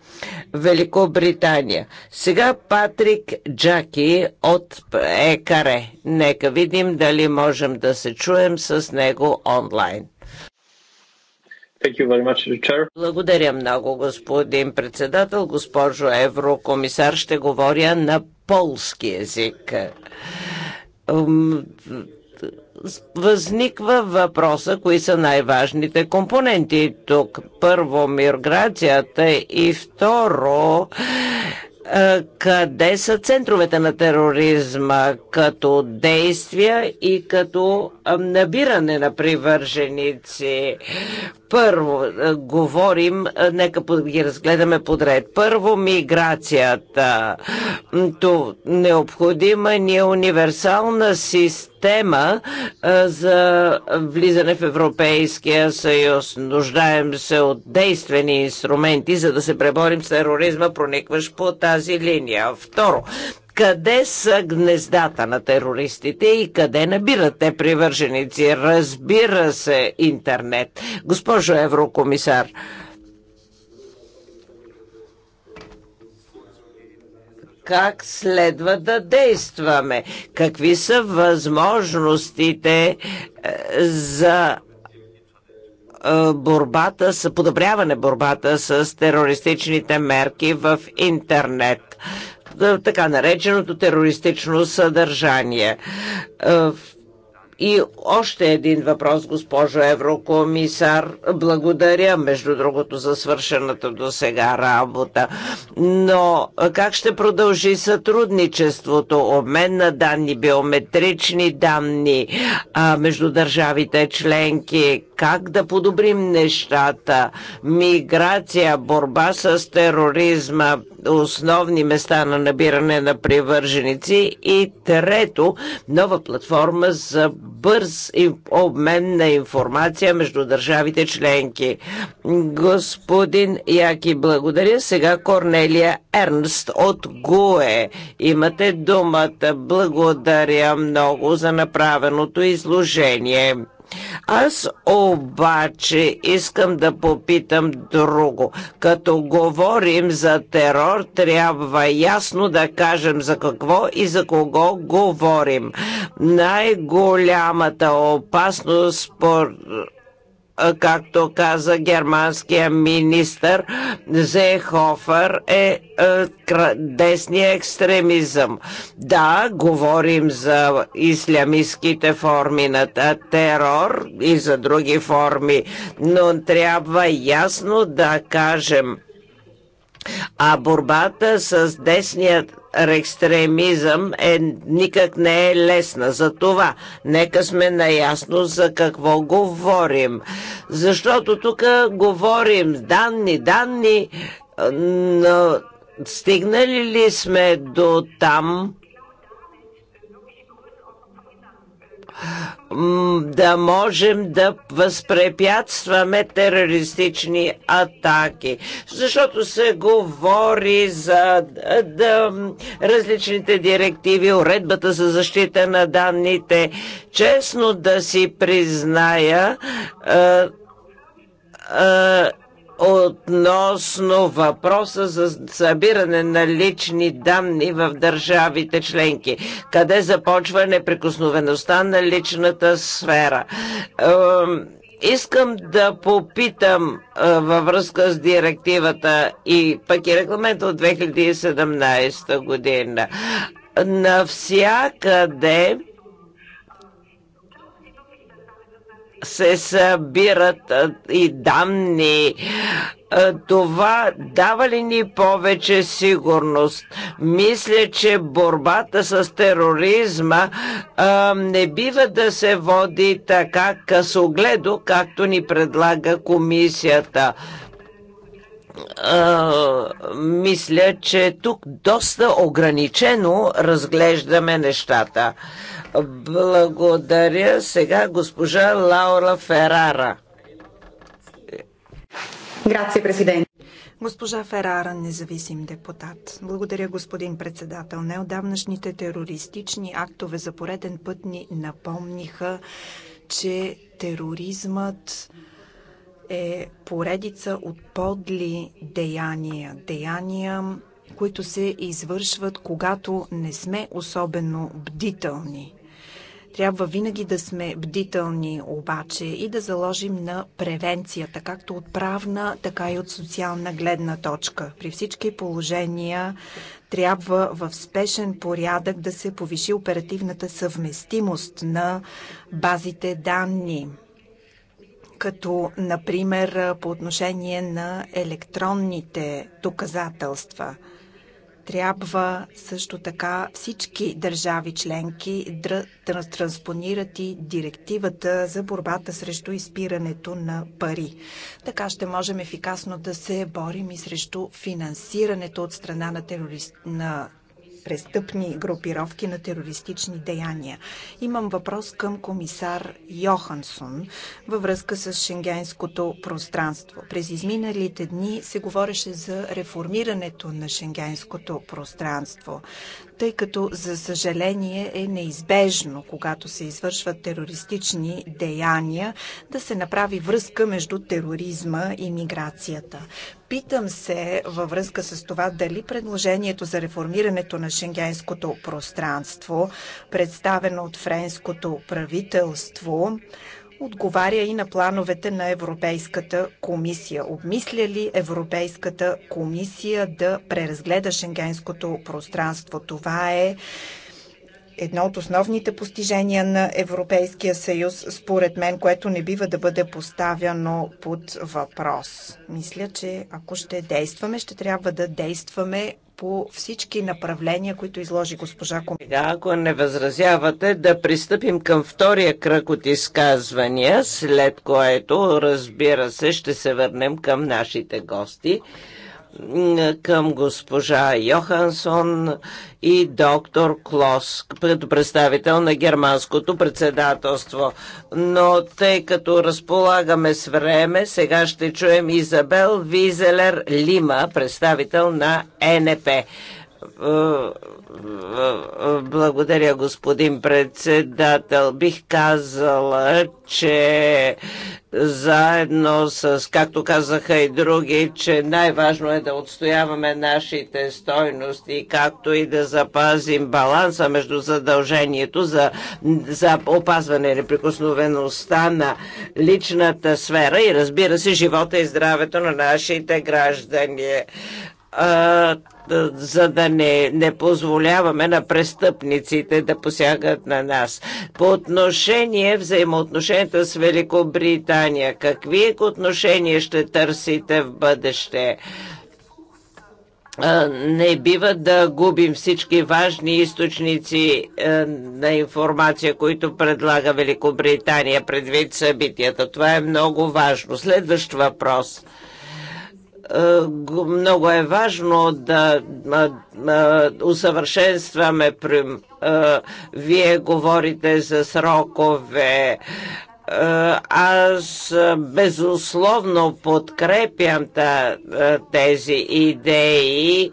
S5: Великобритания. Сега Патрик Джаки от ЕКАРЕ. Нека видим дали можем да се чуем с него онлайн.
S1: Much,
S5: Благодаря много, господин председател. Госпожо еврокомисар, ще говоря на полски язик възниква въпроса, кои са най-важните компоненти тук. Първо, миграцията и второ, къде са центровете на тероризма като действия и като набиране на привърженици. Първо, е, говорим, е, нека ги разгледаме подред. Първо, миграцията. То необходима ни е универсална система е, за влизане в Европейския съюз. Нуждаем се от действени инструменти, за да се преборим с тероризма, проникваш по тази линия. Второ, къде са гнездата на терористите и къде набират те привърженици. Разбира се, интернет. Госпожо Еврокомисар, как следва да действаме, какви са възможностите е, за е, борбата, с подобряване борбата с терористичните мерки в интернет. Е, така нареченото терористично съдържание. Е, в и още един въпрос, госпожо еврокомисар. Благодаря, между другото, за свършената до сега работа. Но как ще продължи сътрудничеството? Обмен на данни, биометрични данни а, между държавите членки. Как да подобрим нещата? Миграция, борба с тероризма, основни места на набиране на привърженици и трето, нова платформа за бърз обмен на информация между държавите членки. Господин Яки, благодаря. Сега Корнелия Ернст от ГУЕ. Имате думата. Благодаря много за направеното изложение. Аз обаче искам да попитам друго. Като говорим за терор, трябва ясно да кажем за какво и за кого говорим. Най-голямата опасност според както каза германския министр Зехофър е, е десния екстремизъм. Да, говорим за ислямистските форми на терор и за други форми, но трябва ясно да кажем, а борбата с десният екстремизъм е, никак не е лесна. За това нека сме наясно за какво говорим. Защото тук говорим данни, данни, но стигнали ли сме до там, да можем да възпрепятстваме терористични атаки. Защото се говори за да, различните директиви, уредбата за защита на данните. Честно да си призная, а, а, относно въпроса за събиране на лични данни в държавите членки, къде започва неприкосновеността на личната сфера. Искам да попитам е, във връзка с директивата и пък и регламента от 2017 година. Навсякъде се събират и данни. Това дава ли ни повече сигурност? Мисля, че борбата с тероризма а, не бива да се води така късогледо, както ни предлага комисията. А, мисля, че тук доста ограничено разглеждаме нещата. Благодаря. Сега госпожа Лаура Ферара. Грация, президент.
S3: Госпожа Ферара, независим депутат. Благодаря, господин председател. Неодавнашните терористични актове за пореден път ни напомниха, че тероризмът е поредица от подли деяния. Деяния, които се извършват, когато не сме особено бдителни. Трябва винаги да сме бдителни обаче и да заложим на превенцията, както от правна, така и от социална гледна точка. При всички положения трябва в спешен порядък да се повиши оперативната съвместимост на базите данни като, например, по отношение на електронните доказателства – трябва също така всички държави членки да транспонират и директивата за борбата срещу изпирането на пари. Така ще можем ефикасно да се борим и срещу финансирането от страна на, терорист, на престъпни групировки на терористични деяния. Имам въпрос към комисар Йохансон във връзка с шенгенското пространство. През изминалите дни се говореше за реформирането на шенгенското пространство тъй като за съжаление е неизбежно, когато се извършват терористични деяния, да се направи връзка между тероризма и миграцията. Питам се във връзка с това дали предложението за реформирането на шенгенското пространство, представено от френското правителство, отговаря и на плановете на Европейската комисия. Обмисля ли Европейската комисия да преразгледа шенгенското пространство? Това е едно от основните постижения на Европейския съюз, според мен, което не бива да бъде поставяно под въпрос. Мисля, че ако ще действаме, ще трябва да действаме по всички направления, които изложи госпожа Комисия.
S5: Ако не възразявате, да пристъпим към втория кръг от изказвания, след което, разбира се, ще се върнем към нашите гости към госпожа Йохансон и доктор Клос, представител на германското председателство. Но тъй като разполагаме с време, сега ще чуем Изабел Визелер Лима, представител на е НП е, благодаря, господин председател. Бих казала, че заедно с, както казаха и други, че най-важно е да отстояваме нашите стойности, както и да запазим баланса между задължението за, за опазване неприкосновеността на личната сфера и разбира се, живота и здравето на нашите граждани за да не, не позволяваме на престъпниците да посягат на нас. По отношение взаимоотношенията с Великобритания, какви отношения ще търсите в бъдеще? не бива да губим всички важни източници е, на информация, които предлага Великобритания предвид събитията. Това е много важно. Следващ въпрос – е, много е важно да усъвършенстваме. Вие говорите за срокове. Е, аз безусловно подкрепям е, тези идеи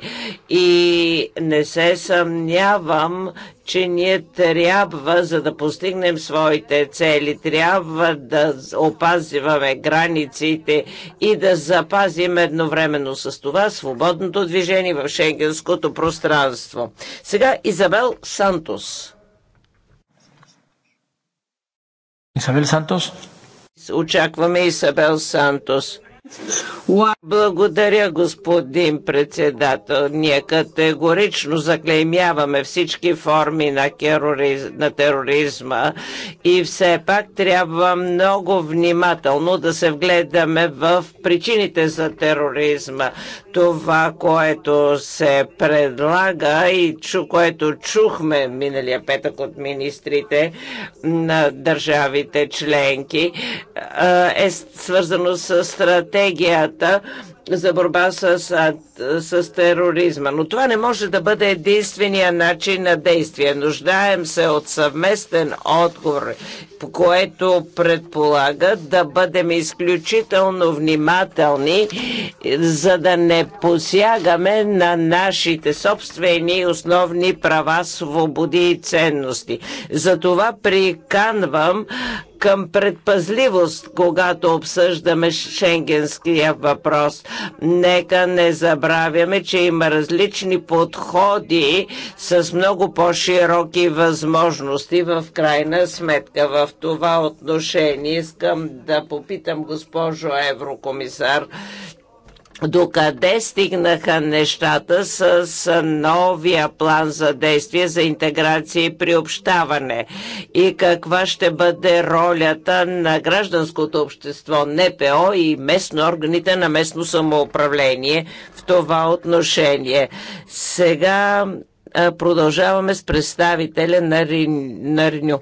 S5: и не се съмнявам, че ние трябва, за да постигнем своите цели, трябва да опазиваме границите и да запазим едновременно с това свободното движение в шенгенското пространство. Сега Изабел Сантос.
S1: Isabel Santos.
S5: Очакваме Исабел Сантос. Благодаря, господин председател. Ние категорично заклеймяваме всички форми на, керориз... на тероризма и все пак трябва много внимателно да се вгледаме в причините за тероризма. Това, което се предлага и чу, което чухме миналия петък от министрите на държавите членки, е свързано с стратегията стратегията за борба с, с тероризма. Но това не може да бъде единствения начин на действие. Нуждаем се от съвместен отговор, което предполага да бъдем изключително внимателни, за да не посягаме на нашите собствени основни права, свободи и ценности. Затова приканвам към предпазливост, когато обсъждаме шенгенския въпрос. Нека не забравяме, че има различни подходи с много по-широки възможности в крайна сметка. В това отношение искам да попитам госпожо Еврокомисар, докъде стигнаха нещата с новия план за действие за интеграция и приобщаване и каква ще бъде ролята на гражданското общество, НПО и местно органите на местно самоуправление в това отношение. Сега продължаваме с представителя на, Рин... на Риню.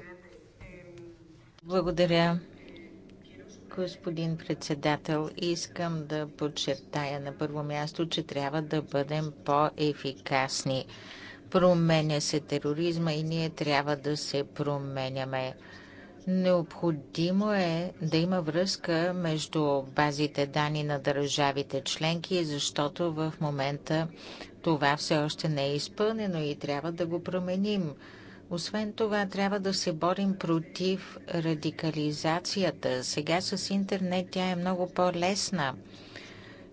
S2: Благодаря. Господин председател, искам да подчертая на първо място, че трябва да бъдем по-ефикасни. Променя се тероризма и ние трябва да се променяме. Необходимо е да има връзка между базите данни на държавите членки, защото в момента това все още не е изпълнено и трябва да го променим. Освен това, трябва да се борим против радикализацията. Сега с интернет тя е много по-лесна.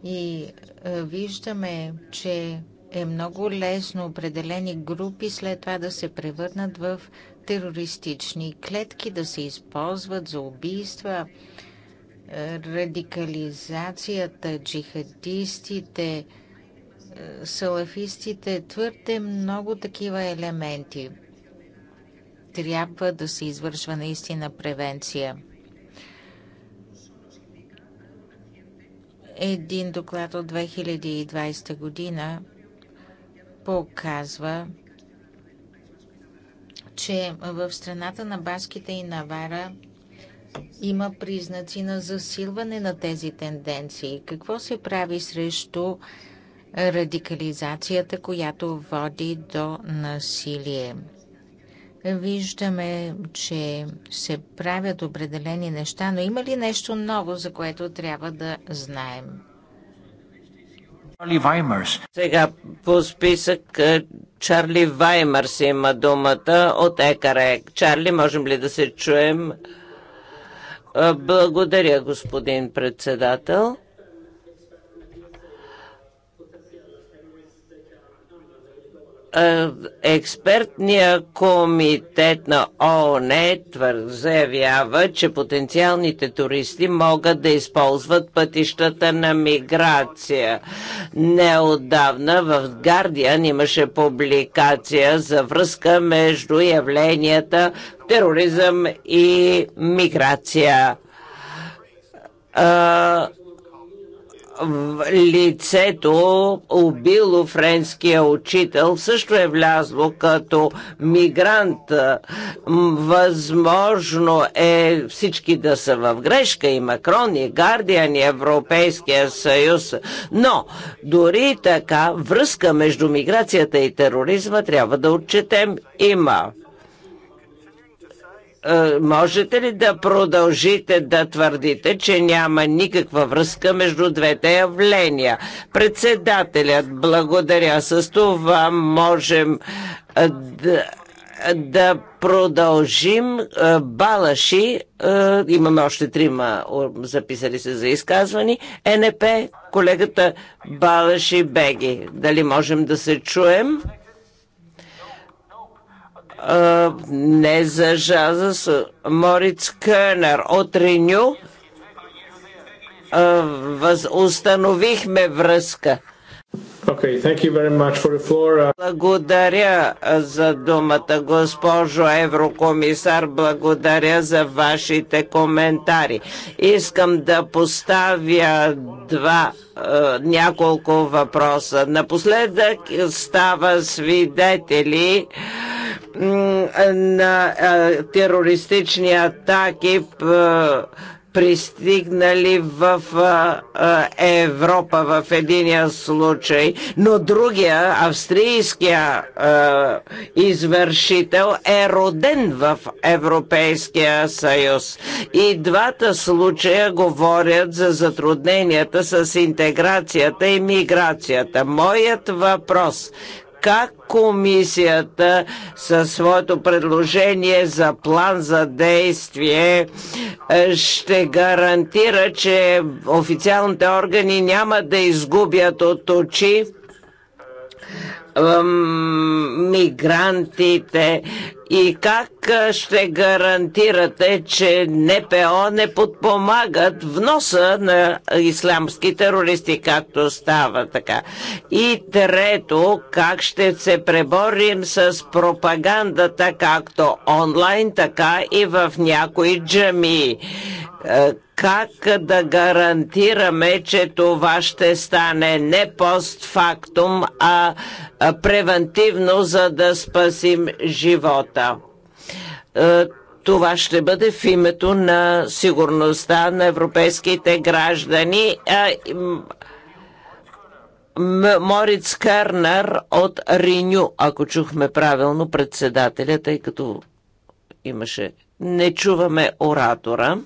S2: И е, виждаме, че е много лесно определени групи след това да се превърнат в терористични клетки, да се използват за убийства. Е, радикализацията, джихадистите, е, салафистите, твърде много такива елементи – трябва да се извършва наистина превенция. Един доклад от 2020 година показва, че в страната на Баските и Навара има признаци на засилване на тези тенденции. Какво се прави срещу радикализацията, която води до насилие? Виждаме, че се правят определени неща, но има ли нещо ново, за което трябва да знаем?
S5: Сега по списък е, Чарли Ваймърс има думата от Екарек. Чарли, можем ли да се чуем? Е, благодаря, господин председател. Е, експертния комитет на ООН заявява, че потенциалните туристи могат да използват пътищата на миграция. Неодавна в Гардиан имаше публикация за връзка между явленията тероризъм и миграция. А, лицето убило френския учител също е влязло като мигрант. Възможно е всички да са в грешка и Макрон, и Гардиан, и Европейския съюз. Но дори така връзка между миграцията и тероризма трябва да отчетем има. Е, можете ли да продължите да твърдите, че няма никаква връзка между двете явления? Председателят, благодаря. С това можем е, да, да продължим. Е, Балаши, имаме още трима записали се за изказвани. НП, колегата Балаши Беги. Дали можем да се чуем? не за жаза с Мориц Кърнер от Реню. Установихме връзка. Okay, thank you very much for the floor. Uh, Благодаря за думата, госпожо еврокомисар. Благодаря за вашите коментари. Искам да поставя два няколко въпроса. Напоследък става свидетели на терористични атаки пристигнали в Европа в единия случай, но другия, австрийския извършител е роден в Европейския съюз. И двата случая говорят за затрудненията с интеграцията и миграцията. Моят въпрос как комисията със своето предложение за план за действие е, ще гарантира, че официалните органи няма да изгубят от очи мигрантите, и как ще гарантирате, че НПО не подпомагат вноса на ислямски терористи, както става така? И трето, как ще се преборим с пропагандата, както онлайн, така и в някои джами? Е, как да гарантираме, че това ще стане не постфактум, а превентивно, за да спасим живота. Е, това ще бъде в името на сигурността на европейските граждани. Е, Мориц Кърнер от Риню, ако чухме правилно председателя, тъй като имаше не чуваме оратора.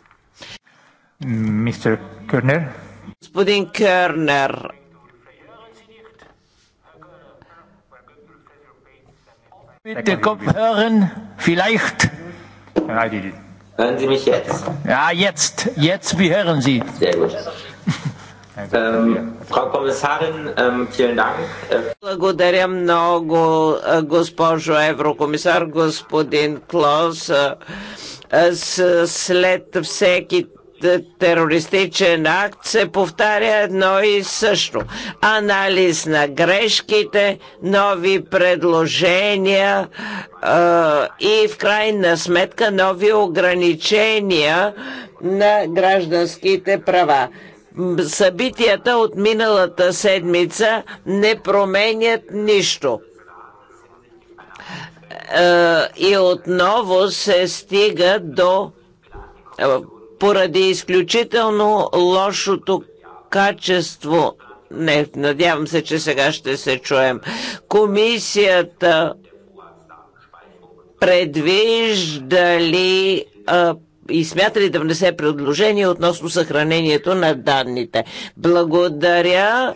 S1: Мистер Кърнер?
S5: Господин Кърнер, Bitte
S1: Kopfhören, vielleicht. Hören Sie mich jetzt? Ja, jetzt. Jetzt, wir hören Sie. Sehr gut.
S5: Ähm, Frau Kommissarin, ähm, vielen Dank. Благодаря много, госпожо Еврокомисар, господин Клос. След всеки терористичен акт се повтаря едно и също. Анализ на грешките, нови предложения е, и в крайна сметка нови ограничения на гражданските права събитията от миналата седмица не променят нищо. Е, и отново се стига до е, поради изключително лошото качество не, надявам се, че сега ще се чуем. Комисията предвижда ли а, и смята ли да внесе предложение относно съхранението на данните? Благодаря.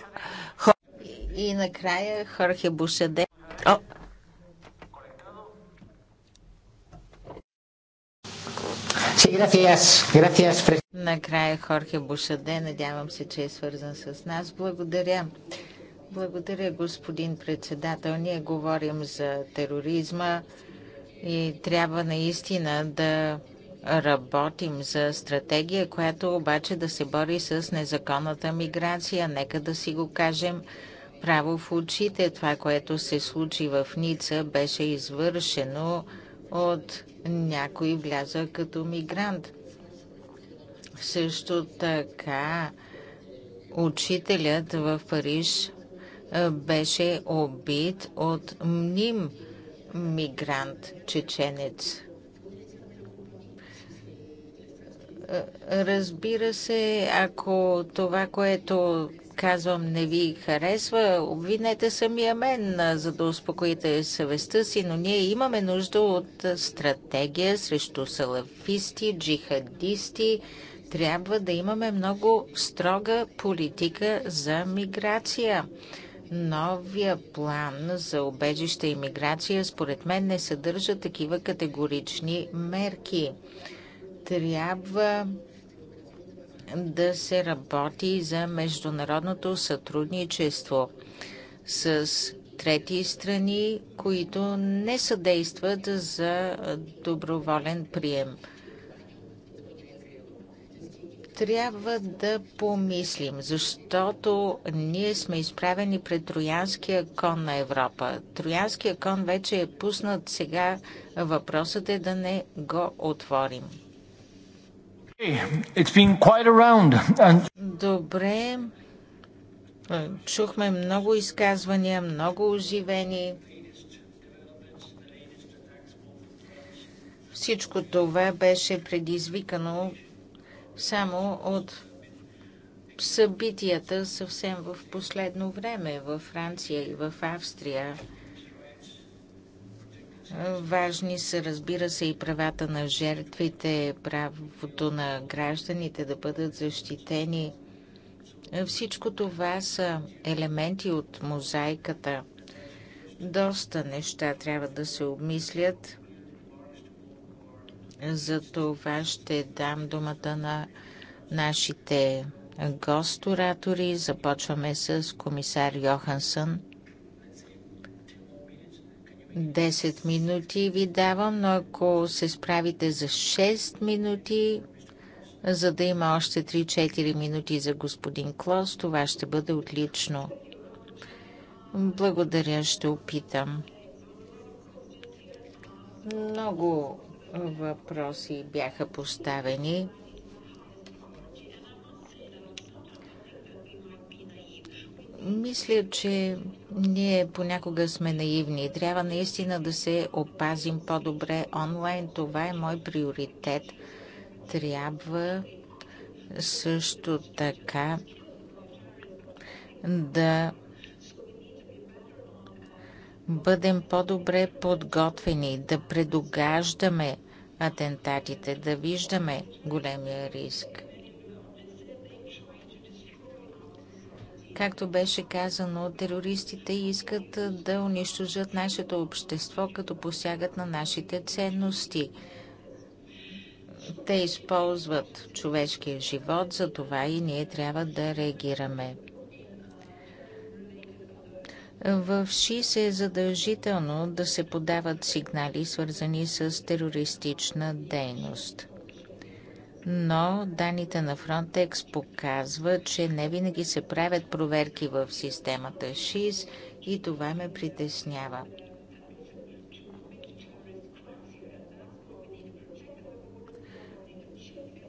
S2: И накрая Хорхе Бушаде. Накрая Хорхе Бушаде, надявам се, че е свързан с нас. Благодаря. Благодаря, господин председател. Ние говорим за тероризма и трябва наистина да работим за стратегия, която обаче да се бори с незаконната миграция. Нека да си го кажем право в очите. Това, което се случи в Ница, беше извършено от някой вляза като мигрант. Също така учителят в Париж беше убит от мним мигрант чеченец. Разбира се, ако това, което казвам не ви харесва, обвинете самия мен, за да успокоите съвестта си, но ние имаме нужда от стратегия срещу салафисти, джихадисти. Трябва да имаме много строга политика за миграция. Новия план за обежище и миграция според мен не съдържа такива категорични мерки. Трябва да се работи за международното сътрудничество с трети страни, които не съдействат за доброволен прием. Трябва да помислим, защото ние сме изправени пред Троянския кон на Европа. Троянския кон вече е пуснат, сега въпросът е да не го отворим.
S1: And...
S2: Добре. Е, чухме много изказвания, много оживени. Всичко това беше предизвикано само от събитията съвсем в последно време във Франция и в Австрия. Важни са, разбира се, и правата на жертвите, правото на гражданите да бъдат защитени. Всичко това са елементи от мозайката. Доста неща трябва да се обмислят. За това ще дам думата на нашите госторатори. Започваме с комисар Йохансън. 10 минути ви давам, но ако се справите за 6 минути, за да има още 3-4 минути за господин Клос, това ще бъде отлично. Благодаря, ще опитам. Много въпроси бяха поставени. Мисля, че ние понякога сме наивни. Трябва наистина да се опазим по-добре онлайн. Това е мой приоритет. Трябва също така да бъдем по-добре подготвени, да предогаждаме атентатите, да виждаме големия риск. Както беше казано, терористите искат да унищожат нашето общество, като посягат на нашите ценности. Те използват човешкия живот, за това и ние трябва да реагираме. В ШИ се е задължително да се подават сигнали, свързани с терористична дейност но данните на Frontex показва, че не винаги се правят проверки в системата ШИС и това ме притеснява.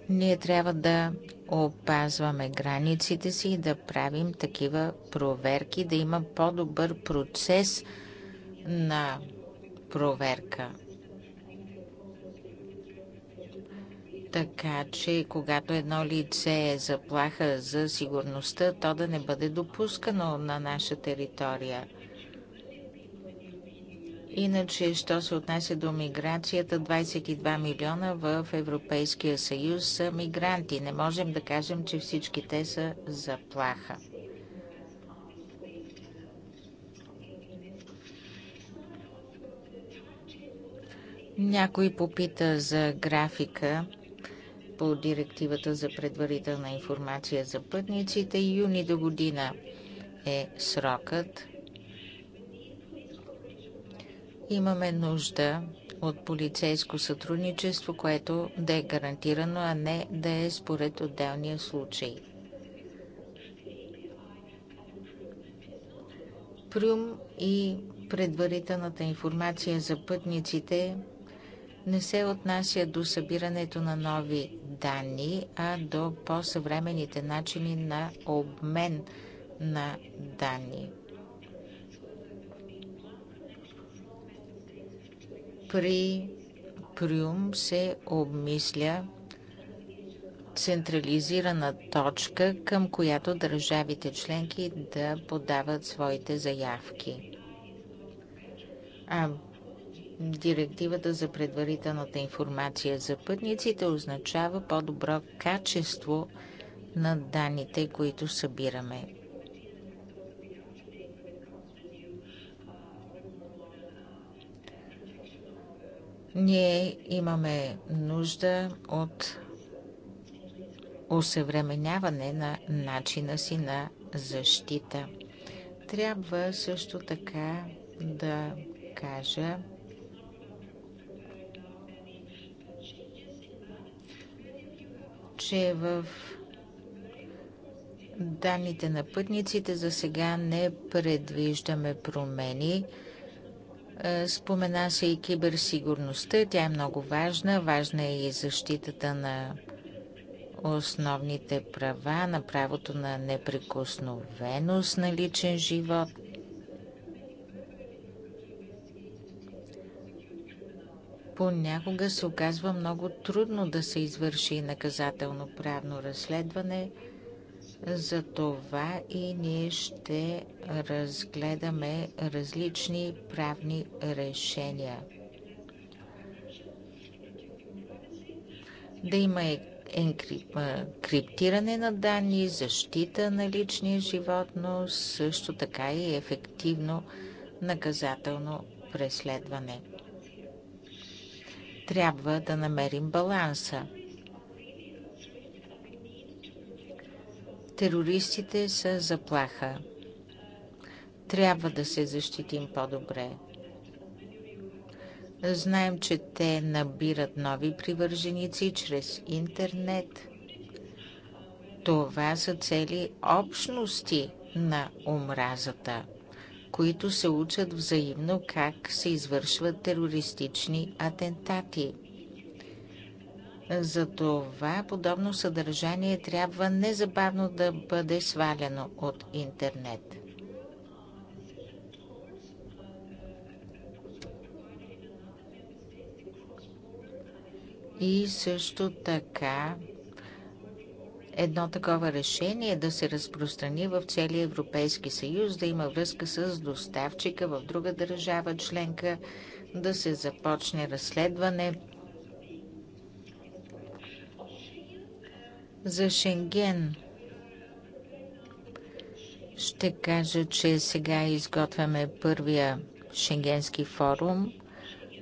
S2: Ние трябва да опазваме границите си и да правим такива проверки, да има по-добър процес на проверка така че когато едно лице е заплаха за сигурността, то да не бъде допускано на наша територия. Иначе, що се отнася до миграцията, 22 милиона в Европейския съюз са мигранти. Не можем да кажем, че всички те са заплаха. Някой попита за графика по директивата за предварителна информация за пътниците. Юни до година е срокът. Имаме нужда от полицейско сътрудничество, което да е гарантирано, а не да е според отделния случай. Прюм и предварителната информация за пътниците не се отнася до събирането на нови данни, а до по-съвременните начини на обмен на данни. При Прюм се обмисля централизирана точка, към която държавите членки да подават своите заявки. А директивата за предварителната информация за пътниците означава по-добро качество на данните, които събираме. Ние имаме нужда от осъвременяване на начина си на защита. Трябва също така да кажа, че в данните на пътниците за сега не предвиждаме промени. Е, спомена се и киберсигурността. Тя е много важна. Важна е и защитата на основните права, на правото на неприкосновеност на личен живот – понякога се оказва много трудно да се извърши наказателно-правно разследване. Затова и ние ще разгледаме различни правни решения. Да има е- криптиране на данни, защита на личния живот, но също така и ефективно наказателно преследване трябва да намерим баланса. Терористите са заплаха. Трябва да се защитим по-добре. Знаем, че те набират нови привърженици чрез интернет. Това са цели общности на омразата – които се учат взаимно как се извършват терористични атентати. За това подобно съдържание трябва незабавно да бъде свалено от интернет. И също така едно такова решение да се разпространи в целия Европейски съюз, да има връзка с доставчика в друга държава членка, да се започне разследване. За Шенген ще кажа, че сега изготвяме първия Шенгенски форум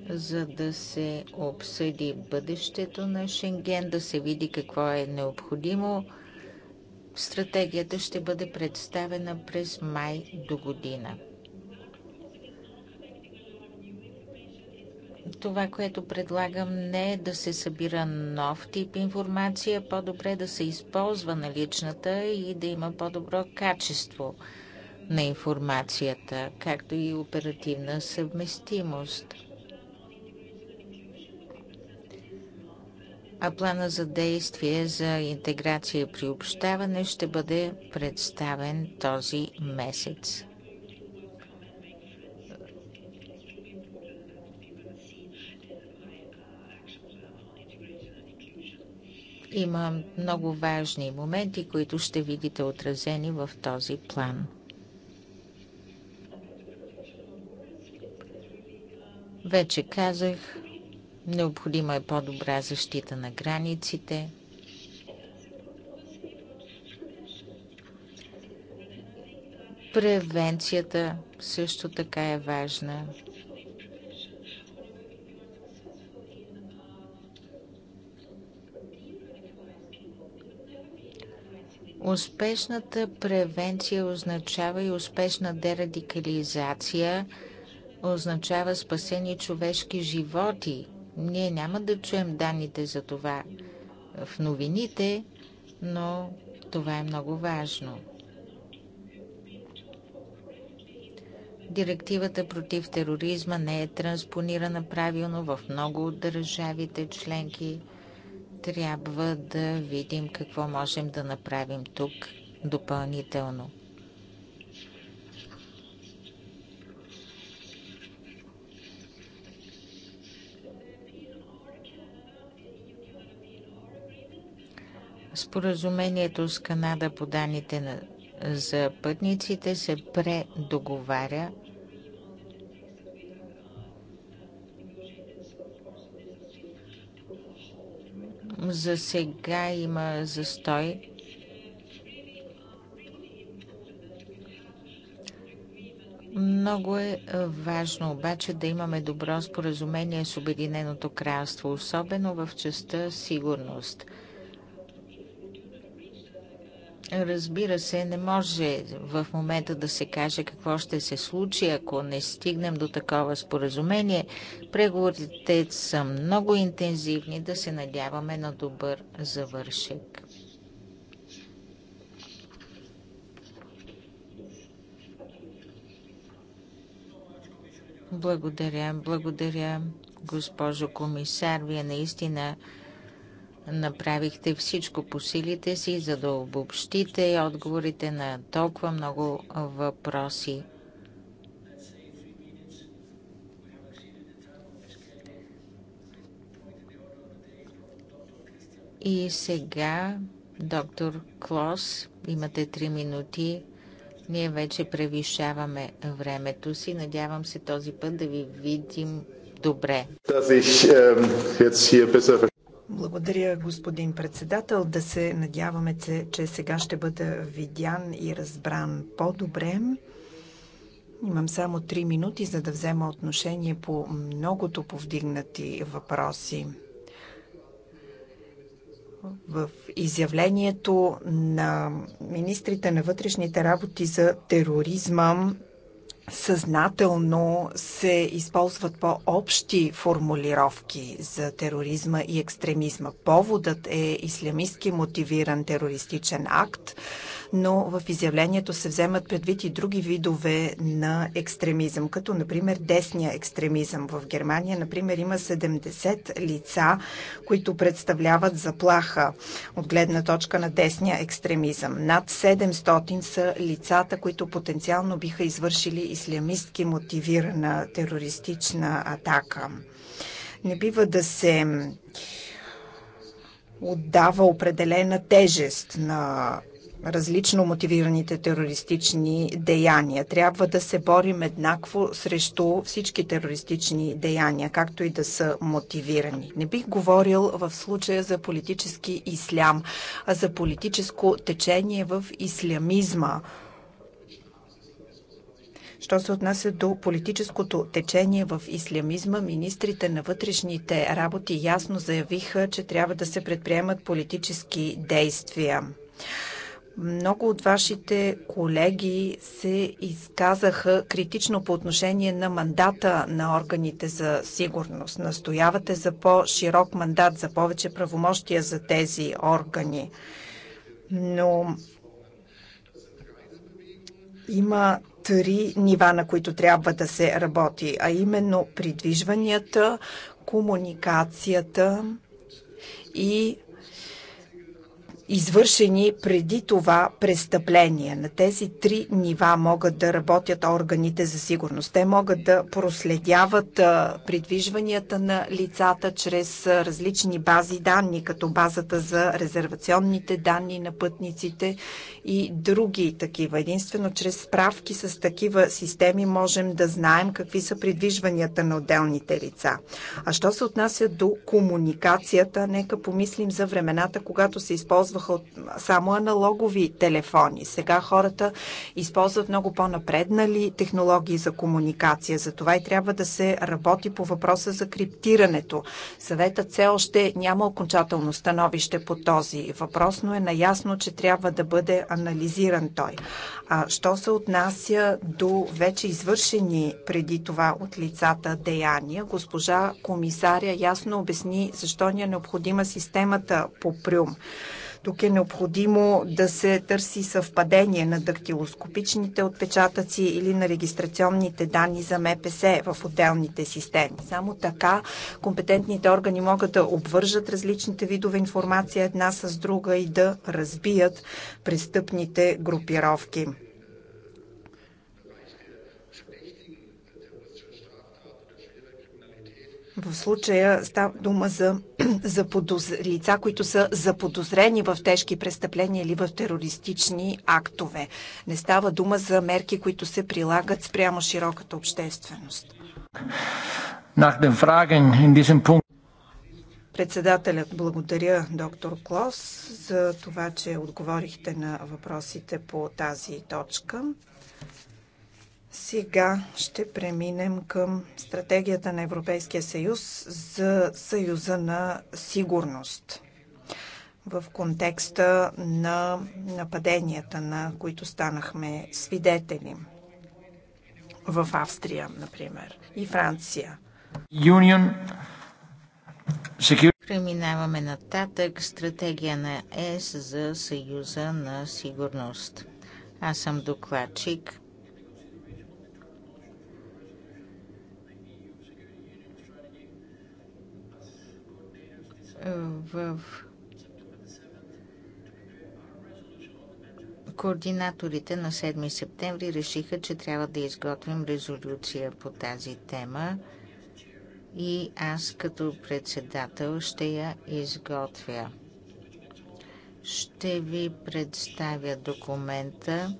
S2: за да се обсъди бъдещето на Шенген, да се види какво е необходимо. Стратегията ще бъде представена през май до година. Това, което предлагам не е да се събира нов тип информация, по-добре да се използва наличната и да има по-добро качество на информацията, както и оперативна съвместимост. а плана за действие за интеграция при общаване ще бъде представен този месец. Има много важни моменти, които ще видите отразени в този план. Вече казах, Необходима е по-добра защита на границите. Превенцията също така е важна. Успешната превенция означава и успешна дерадикализация, означава спасени човешки животи – ние няма да чуем данните за това в новините, но това е много важно. Директивата против тероризма не е транспонирана правилно в много от държавите членки. Трябва да видим какво можем да направим тук допълнително. Споразумението с Канада по данните на, за пътниците се предоговаря За сега има застой. Много е важно обаче да имаме добро споразумение с Обединеното кралство, особено в частта сигурност – Разбира се, не може в момента да се каже какво ще се случи, ако не стигнем до такова споразумение. Преговорите са много интензивни, да се надяваме на добър завършек. Благодаря, благодаря, госпожо комисар. Вие наистина Направихте всичко по силите си, за да обобщите отговорите на толкова много въпроси. И сега, доктор Клос, имате три минути. Ние вече превишаваме времето си. Надявам се този път да ви видим добре.
S3: Благодаря, господин председател. Да се надяваме, че сега ще бъда видян и разбран по-добре. Имам само три минути, за да взема отношение по многото повдигнати въпроси. В изявлението на министрите на вътрешните работи за тероризма съзнателно се използват по-общи формулировки за тероризма и екстремизма. Поводът е ислямистки мотивиран терористичен акт, но в изявлението се вземат предвид и други видове на екстремизъм, като например десния екстремизъм. В Германия, например, има 70 лица, които представляват заплаха от гледна точка на десния екстремизъм. Над 700 са лицата, които потенциално биха извършили ислямистки мотивирана терористична атака. Не бива да се отдава определена тежест на различно мотивираните терористични деяния. Трябва да се борим еднакво срещу всички терористични деяния, както и да са мотивирани. Не бих говорил в случая за политически ислям, а за политическо течение в ислямизма. Що се отнася до политическото течение в ислямизма, министрите на вътрешните работи ясно заявиха, че трябва да се предприемат политически действия. Много от вашите колеги се изказаха критично по отношение на мандата на органите за сигурност. Настоявате за по-широк мандат, за повече правомощия за тези органи. Но има три нива, на които трябва да се работи, а именно придвижванията, комуникацията и извършени преди това престъпления. На тези три нива могат да работят органите за сигурност. Те могат да проследяват придвижванията на лицата чрез различни бази данни, като базата за резервационните данни на пътниците и други такива. Единствено чрез справки с такива системи можем да знаем какви са придвижванията на отделните лица. А що се отнася до комуникацията, нека помислим за времената, когато се използва използваха от само аналогови телефони. Сега хората използват много по-напреднали технологии за комуникация. Затова и трябва да се работи по въпроса за криптирането. Съветът все още няма окончателно становище по този въпрос, но е наясно, че трябва да бъде анализиран той. А що се отнася до вече извършени преди това от лицата деяния, госпожа комисаря ясно обясни защо ни е необходима системата по прюм. Тук е необходимо да се търси съвпадение на дактилоскопичните отпечатъци или на регистрационните данни за МПС в отделните системи. Само така компетентните органи могат да обвържат различните видове информация една с друга и да разбият престъпните групировки. В случая става дума за, за подоз... лица, които са заподозрени в тежки престъпления или в терористични актове. Не става дума за мерки, които се прилагат спрямо широката общественост. Председателят благодаря, доктор Клос, за това, че отговорихте на въпросите по тази точка. Сега ще преминем към стратегията на Европейския съюз за съюза на сигурност в контекста на нападенията, на които станахме свидетели в Австрия, например, и Франция.
S1: Union
S2: Преминаваме нататък стратегия на ЕС за Съюза на сигурност. Аз съм докладчик в координаторите на 7 септември решиха, че трябва да изготвим резолюция по тази тема и аз като председател ще я изготвя. Ще ви представя документа,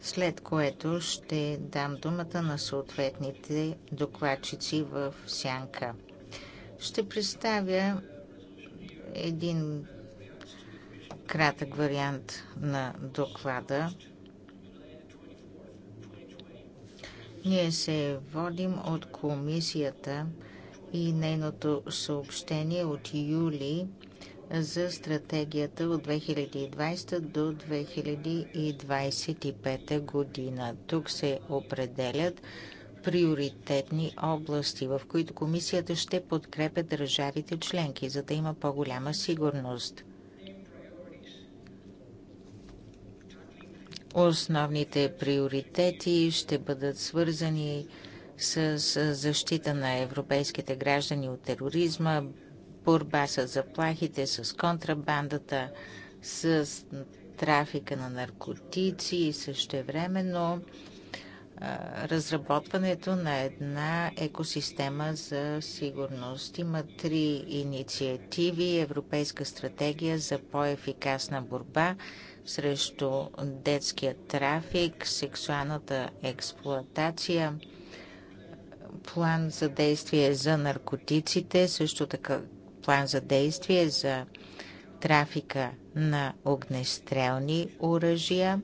S2: след което ще дам думата на съответните докладчици в сянка. Ще представя един кратък вариант на доклада. Ние се водим от комисията и нейното съобщение от юли за стратегията от 2020 до 2025 година. Тук се определят приоритетни области, в които комисията ще подкрепя държавите членки, за да има по-голяма сигурност. Основните приоритети ще бъдат свързани с защита на европейските граждани от тероризма, борба с заплахите, с контрабандата, с трафика на наркотици и същевременно времено разработването на една екосистема за сигурност. Има три инициативи. Европейска стратегия за по-ефикасна борба срещу детския трафик, сексуалната експлоатация, план за действие за наркотиците, също така план за действие за трафика на огнестрелни оръжия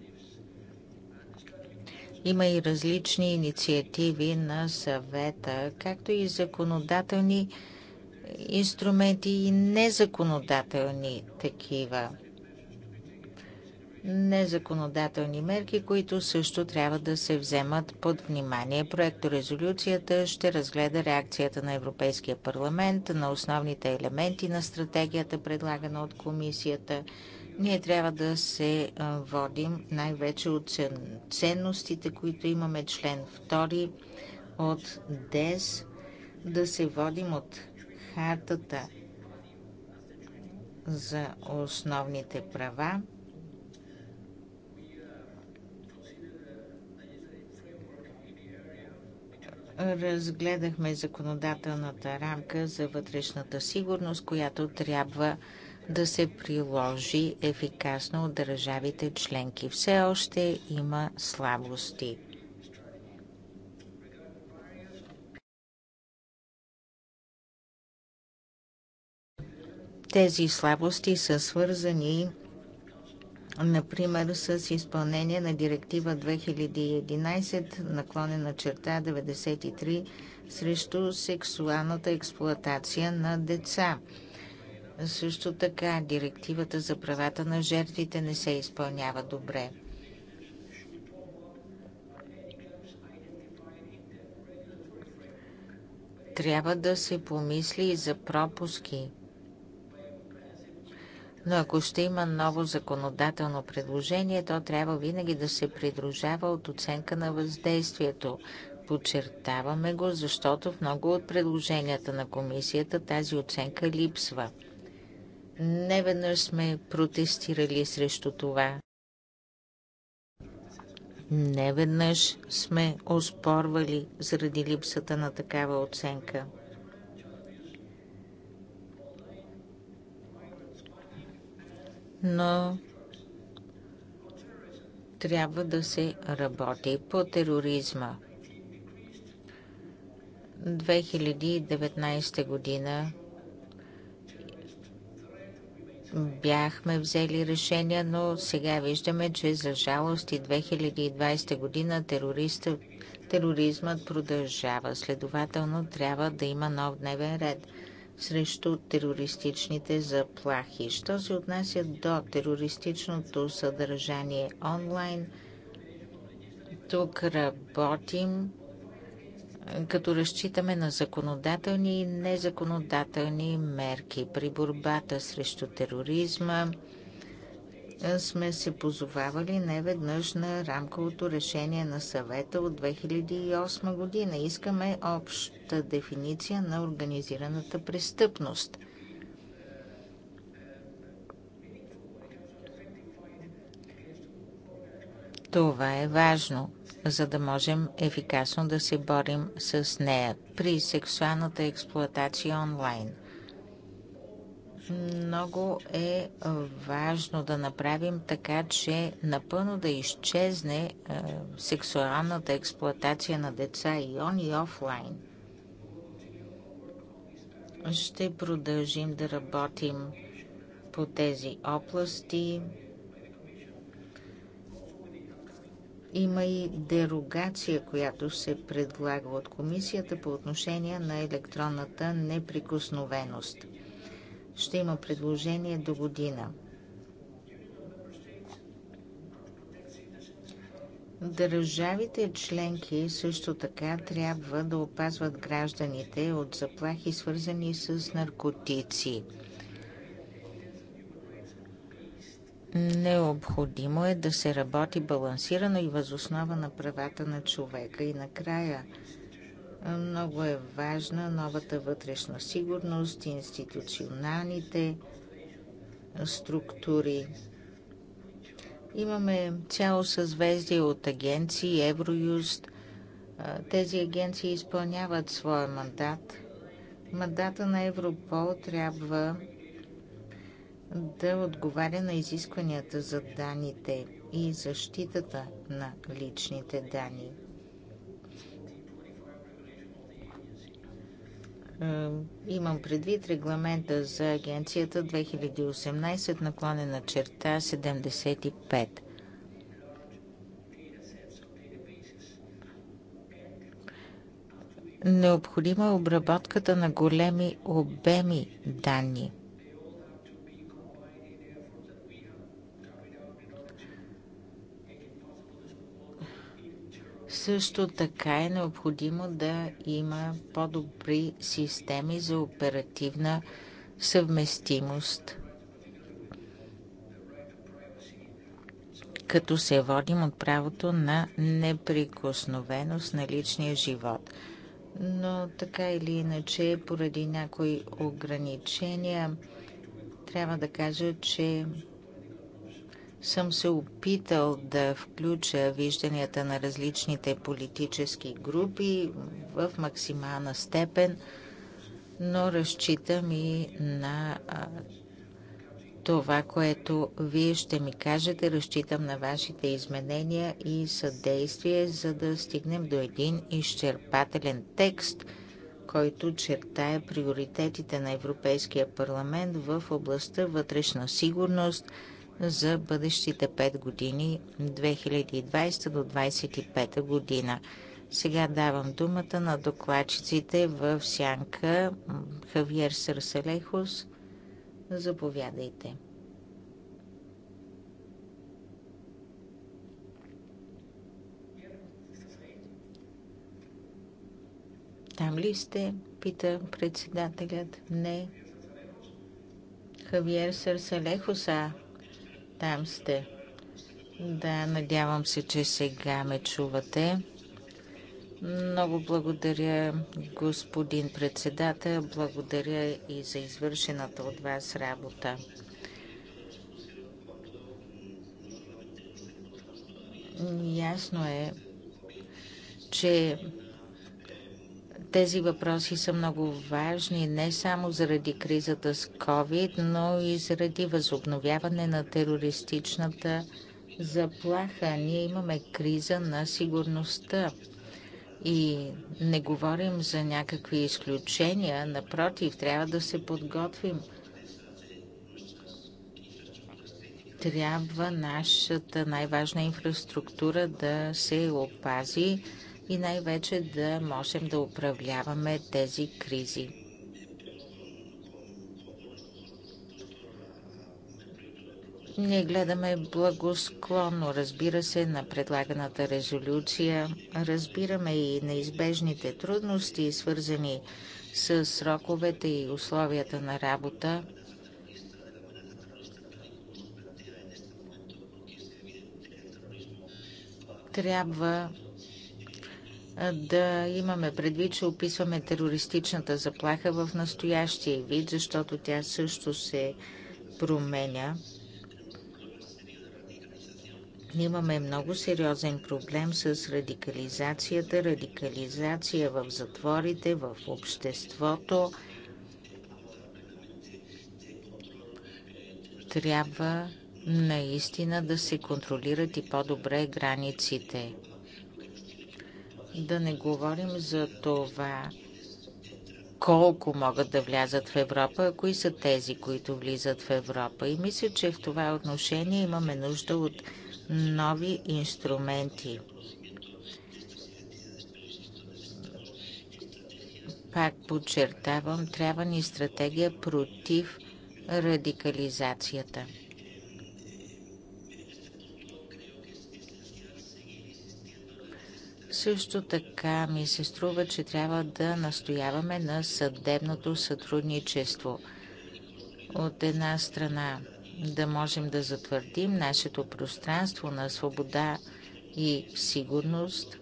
S2: има и различни инициативи на съвета, както и законодателни инструменти и незаконодателни такива. Незаконодателни мерки, които също трябва да се вземат под внимание. Проекто резолюцията ще разгледа реакцията на Европейския парламент на основните елементи на стратегията, предлагана от комисията – ние трябва да се водим най-вече от ценностите, които имаме член 2 от ДЕС, да се водим от хартата за основните права. разгледахме законодателната рамка за вътрешната сигурност, която трябва да се приложи ефикасно от държавите членки. Все още има слабости. Тези слабости са свързани например с изпълнение на директива 2011 наклонена черта 93 срещу сексуалната експлоатация на деца. Също така директивата за правата на жертвите не се изпълнява добре. Трябва да се помисли и за пропуски. Но ако ще има ново законодателно предложение, то трябва винаги да се придружава от оценка на въздействието, Подчертаваме го, защото в много от предложенията на комисията тази оценка липсва. Неведнъж сме протестирали срещу това. Неведнъж сме оспорвали заради липсата на такава оценка. Но трябва да се работи по тероризма. 2019 година бяхме взели решения, но сега виждаме, че за жалост и 2020 година тероризмът продължава. Следователно трябва да има нов дневен ред срещу терористичните заплахи. Що се отнася до терористичното съдържание онлайн, тук работим като разчитаме на законодателни и незаконодателни мерки. При борбата срещу тероризма сме се позовавали неведнъж на рамковото решение на съвета от 2008 година. Искаме обща дефиниция на организираната престъпност. Това е важно – за да можем ефикасно да се борим с нея при сексуалната експлоатация онлайн. Много е важно да направим така, че напълно да изчезне е, сексуалната експлоатация на деца и он и офлайн. Ще продължим да работим по тези области. Има и дерогация, която се предлага от комисията по отношение на електронната неприкосновеност. Ще има предложение до година. Държавите членки също така трябва да опазват гражданите от заплахи, свързани с наркотици. Необходимо е да се работи балансирано и възоснова на правата на човека. И накрая много е важна новата вътрешна сигурност, институционалните структури. Имаме цяло съзвездие от агенции, Евроюст. Тези агенции изпълняват своя мандат. Мандата на Европол трябва да отговаря на изискванията за данните и защитата на личните данни. Е, имам предвид регламента за агенцията 2018 наклонена черта 75. Необходима е обработката на големи обеми данни. Също така е необходимо да има по-добри системи за оперативна съвместимост, като се водим от правото на неприкосновеност на личния живот. Но така или иначе, поради някои ограничения, трябва да кажа, че съм се опитал да включа вижданията на различните политически групи в максимална степен, но разчитам и на това, което вие ще ми кажете. Разчитам на вашите изменения и съдействие, за да стигнем до един изчерпателен текст, който чертае приоритетите на Европейския парламент в областта вътрешна сигурност – за бъдещите 5 години 2020 до 2025 година. Сега давам думата на докладчиците в Сянка. Хавиер Сърселехос, заповядайте. Там ли сте? Пита председателят. Не. Хавиер Сърселехоса. Там сте. Да, надявам се, че сега ме чувате. Много благодаря, господин председател. Благодаря и за извършената от вас работа. Ясно е, че тези въпроси са много важни не само заради кризата с COVID, но и заради възобновяване на терористичната заплаха. Ние имаме криза на сигурността и не говорим за някакви изключения. Напротив, трябва да се подготвим. Трябва нашата най-важна инфраструктура да се опази и най-вече да можем да управляваме тези кризи. Ние гледаме благосклонно, разбира се, на предлаганата резолюция. Разбираме и неизбежните трудности, свързани с сроковете и условията на работа. Трябва да имаме предвид, че описваме терористичната заплаха в настоящия вид, защото тя също се променя. Имаме много сериозен проблем с радикализацията, радикализация в затворите, в обществото. Трябва наистина да се контролират и по-добре границите. Да не говорим за това колко могат да влязат в Европа, а кои са тези, които влизат в Европа. И мисля, че в това отношение имаме нужда от нови инструменти. Пак подчертавам, трябва ни стратегия против радикализацията. Също така ми се струва, че трябва да настояваме на съдебното сътрудничество. От една страна да можем да затвърдим нашето пространство на свобода и сигурност,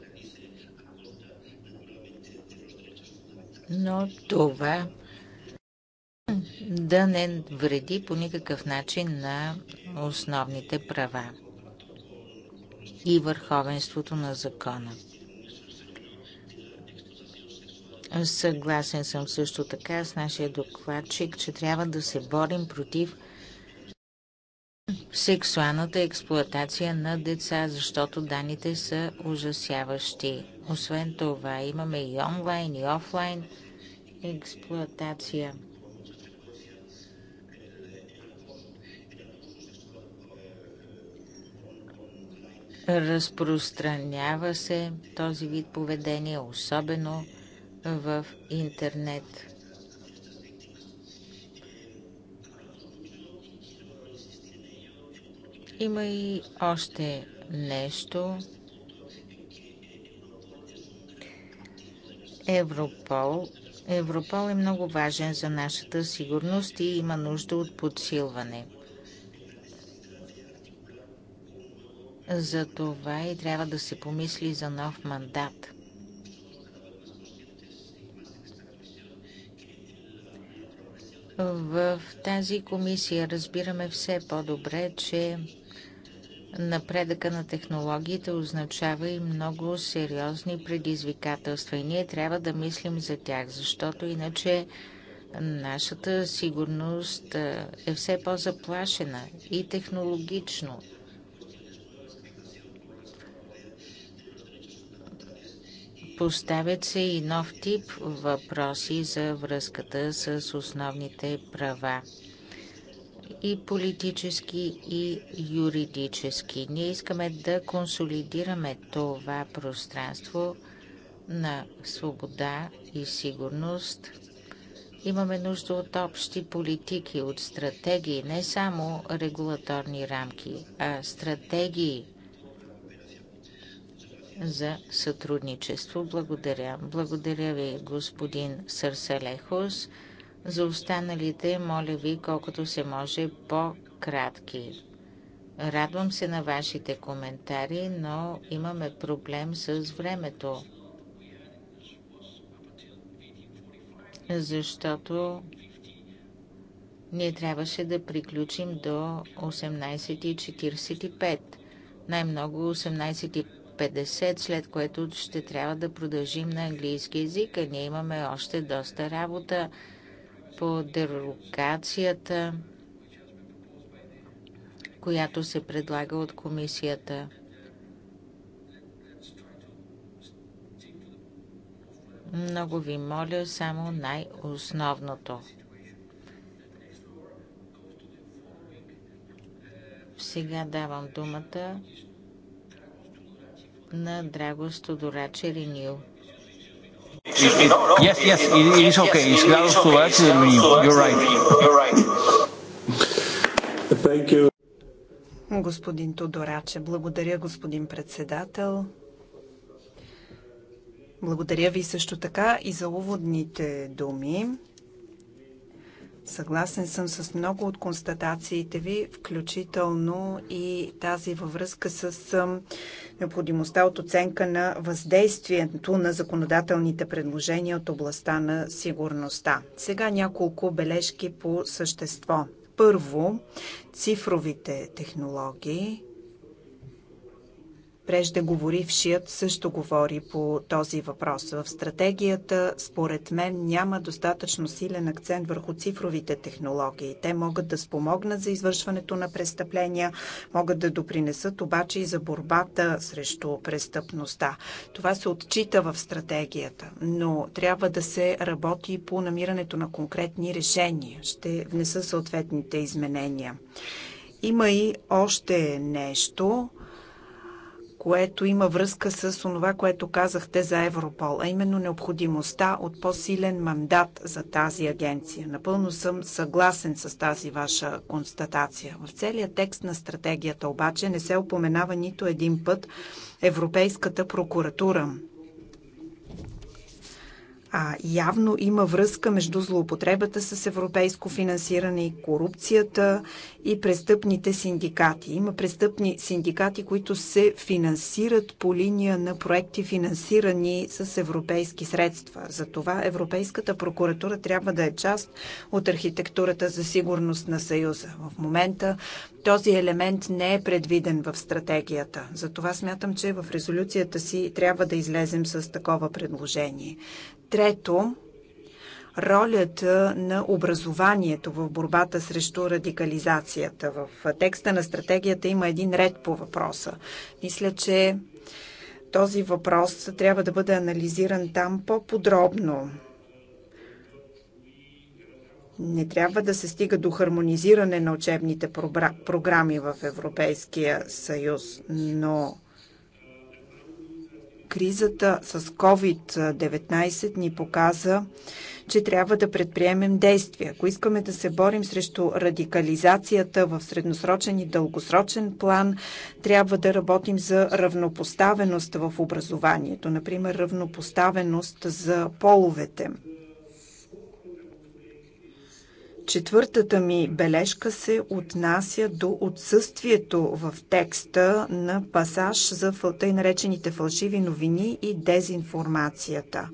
S2: но това да не вреди по никакъв начин на основните права и върховенството на закона. Съгласен съм също така с нашия докладчик, че трябва да се борим против сексуалната експлоатация на деца, защото данните са ужасяващи. Освен това, имаме и онлайн, и офлайн експлоатация. Разпространява се този вид поведение, особено в интернет. Има и още нещо. Европол. Европол е много важен за нашата сигурност и има нужда от подсилване. За това и трябва да се помисли за нов мандат. В тази комисия разбираме все по-добре, че напредъка на технологиите означава и много сериозни предизвикателства и ние трябва да мислим за тях, защото иначе нашата сигурност е, е все по-заплашена и технологично, Поставят се и нов тип въпроси за връзката с основните права и политически и юридически. Ние искаме да консолидираме това пространство на свобода и сигурност. Имаме нужда от общи политики, от стратегии, не само регулаторни рамки, а стратегии за сътрудничество. Благодаря. Благодаря ви, господин Сърсалехос. За останалите, моля ви, колкото се може по-кратки. Радвам се на вашите коментари, но имаме проблем с времето. Защото ние трябваше да приключим до 18.45. Най-много 50, след което ще трябва да продължим на английски язик, а ние имаме още доста работа по дерогацията, която се предлага от комисията. Много ви моля само най-основното. Сега давам думата на Драго Стодора Черенил.
S7: Yes, yes, it, it is okay. It's Черенил. You're right. Thank you.
S3: Господин Тодораче, благодаря, господин председател. Благодаря ви също така и за уводните думи. Съгласен съм с много от констатациите ви, включително и тази във връзка с необходимостта от оценка на въздействието на законодателните предложения от областта на сигурността. Сега няколко бележки по същество. Първо, цифровите технологии. Преждеговорившият също говори по този въпрос. В стратегията, според мен, няма достатъчно силен акцент върху цифровите технологии. Те могат да спомогнат за извършването на престъпления, могат да допринесат обаче и за борбата срещу престъпността. Това се отчита в стратегията, но трябва да се работи по намирането на конкретни решения. Ще внеса съответните изменения. Има и още нещо – което има връзка с онова, което казахте за Европол, а именно необходимостта от по-силен мандат за тази агенция. Напълно съм съгласен с тази ваша констатация. В целият текст на стратегията обаче не се упоменава нито един път Европейската прокуратура. А, явно има връзка между злоупотребата с европейско финансиране и корупцията и престъпните синдикати. Има престъпни синдикати, които се финансират по линия на проекти, финансирани с европейски средства. Затова Европейската прокуратура трябва да е част от архитектурата за сигурност на Съюза. В момента този елемент не е предвиден в стратегията. Затова смятам, че в резолюцията си трябва да излезем с такова предложение. Трето, ролята на образованието в борбата срещу радикализацията. В текста на стратегията има един ред по въпроса. Мисля, че този въпрос трябва да бъде анализиран там по-подробно. Не трябва да се стига до хармонизиране на учебните програми в Европейския съюз, но Кризата с COVID-19 ни показа, че трябва да предприемем действия. Ако искаме да се борим срещу радикализацията в средносрочен и дългосрочен план, трябва да работим за равнопоставеност в образованието, например равнопоставеност за половете. Четвъртата ми бележка се отнася до отсъствието в текста на пасаж за тъй наречените фалшиви новини и дезинформацията.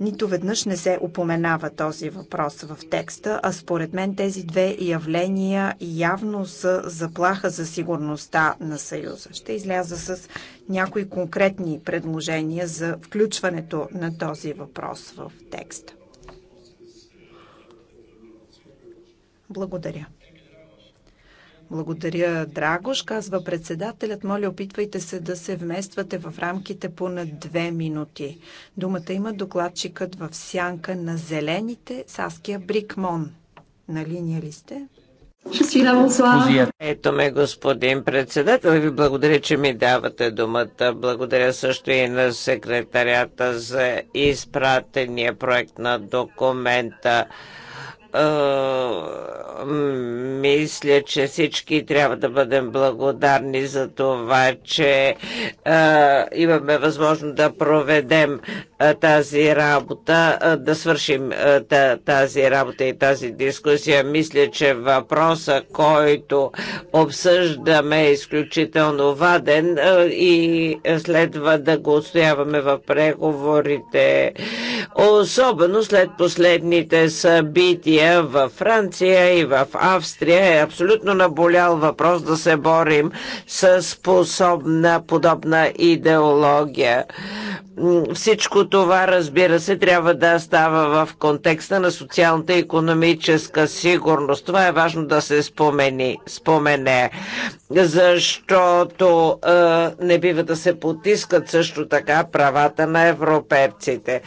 S3: Нито веднъж не се упоменава този въпрос в текста, а според мен тези две явления явно са заплаха за сигурността на Съюза. Ще изляза с някои конкретни предложения за включването на този въпрос в текста. Благодаря. Благодаря, Драгош, казва председателят. Моля, опитвайте се да се вмествате в рамките по на две минути. Думата има докладчикът в сянка на зелените Саския Брикмон. На линия ли сте?
S5: Ето ме, господин председател, ви благодаря, че ми давате думата. Благодаря също и на секретарята за изпратения проект на документа мисля, че всички трябва да бъдем благодарни за това, че а, имаме възможност да проведем а, тази работа, а, да свършим а, тази работа и тази дискусия. Мисля, че въпроса, който обсъждаме е изключително ваден а, и следва да го отстояваме в преговорите, особено след последните събития Германия, в Франция и в Австрия е абсолютно наболял въпрос да се борим с способна подобна идеология. Всичко това, разбира се, трябва да става в контекста на социалната и економическа сигурност. Това е важно да се спомени, спомене, защото е, не бива да се потискат също така правата на европейците.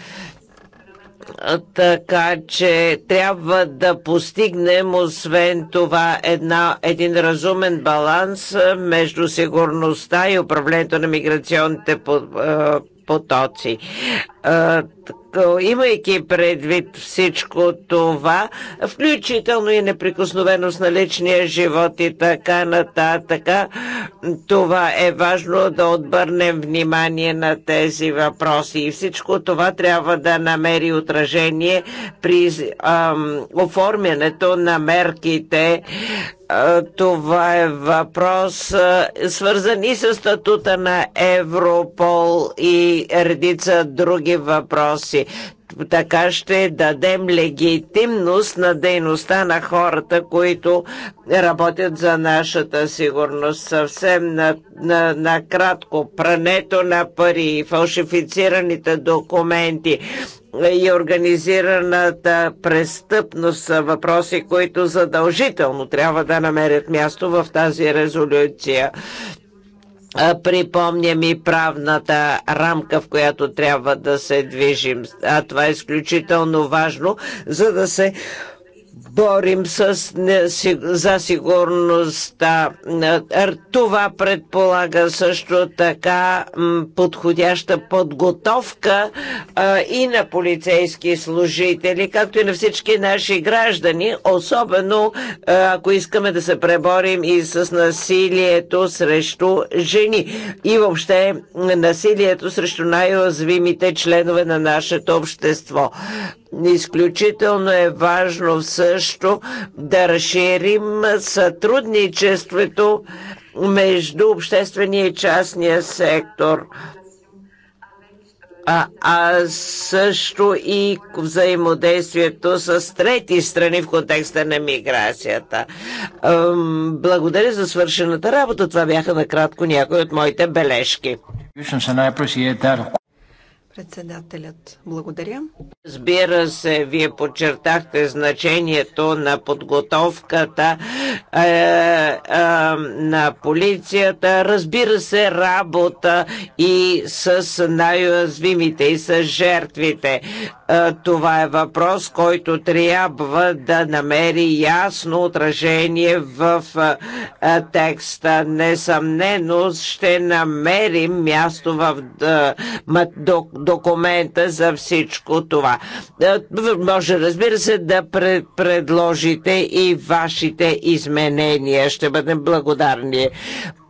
S5: Така че трябва да постигнем, освен това, една, един разумен баланс между сигурността и управлението на миграционните потоци. Е, имайки предвид всичко това, включително и неприкосновеност на личния живот и така нататък, това е важно да отбърнем внимание на тези въпроси. И всичко това трябва да намери отражение при ам, оформянето на мерките, е, това е въпрос е, свързан и с статута на Европол и редица други въпроси въпроси. Така ще дадем легитимност на дейността на хората, които работят за нашата сигурност. Съвсем накратко, на, на прането на пари фалшифицираните документи и организираната престъпност са въпроси, които задължително трябва да намерят място в тази резолюция припомням и правната рамка, в която трябва да се движим. А това е изключително важно, за да се борим с, не, си, за сигурността. Това предполага също така подходяща подготовка а, и на полицейски служители, както и на всички наши граждани, особено ако искаме да се преборим и с насилието срещу жени и въобще насилието срещу най озвимите членове на нашето общество. Изключително е важно всъщност също да разширим сътрудничеството между обществения и частния сектор а, а също и взаимодействието с трети страни в контекста на миграцията. Благодаря за свършената работа. Това бяха накратко някои от моите бележки.
S3: Председателят, благодаря.
S5: Разбира се, вие подчертахте значението на подготовката е, е, на полицията. Разбира се, работа и с най-уязвимите, и с жертвите. Е, това е въпрос, който трябва да намери ясно отражение в е, текста. Несъмнено ще намерим място в е, документа за всичко това. Е, може, разбира се, да предложите и вашите изменения. Ще бъдем благодарни.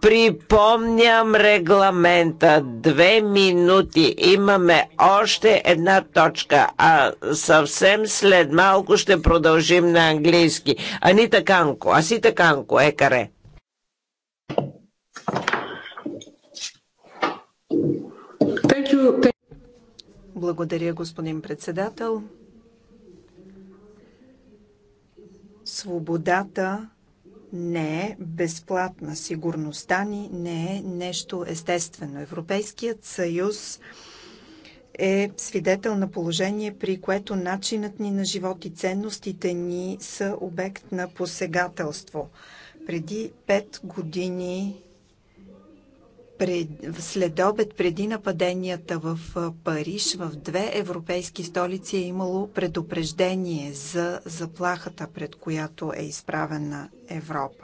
S5: Припомням регламента. Две минути. Имаме още една точка, а съвсем след малко ще продължим на английски. Анита Канко, Асита Канко, екаре.
S3: Thank you. Thank благодаря, господин председател. Свободата не е безплатна. Сигурността ни не е нещо естествено. Европейският съюз е свидетел на положение, при което начинът ни на живот и ценностите ни са обект на посегателство. Преди пет години пред, след обед преди нападенията в Париж, в две европейски столици е имало предупреждение за заплахата, пред която е изправена Европа.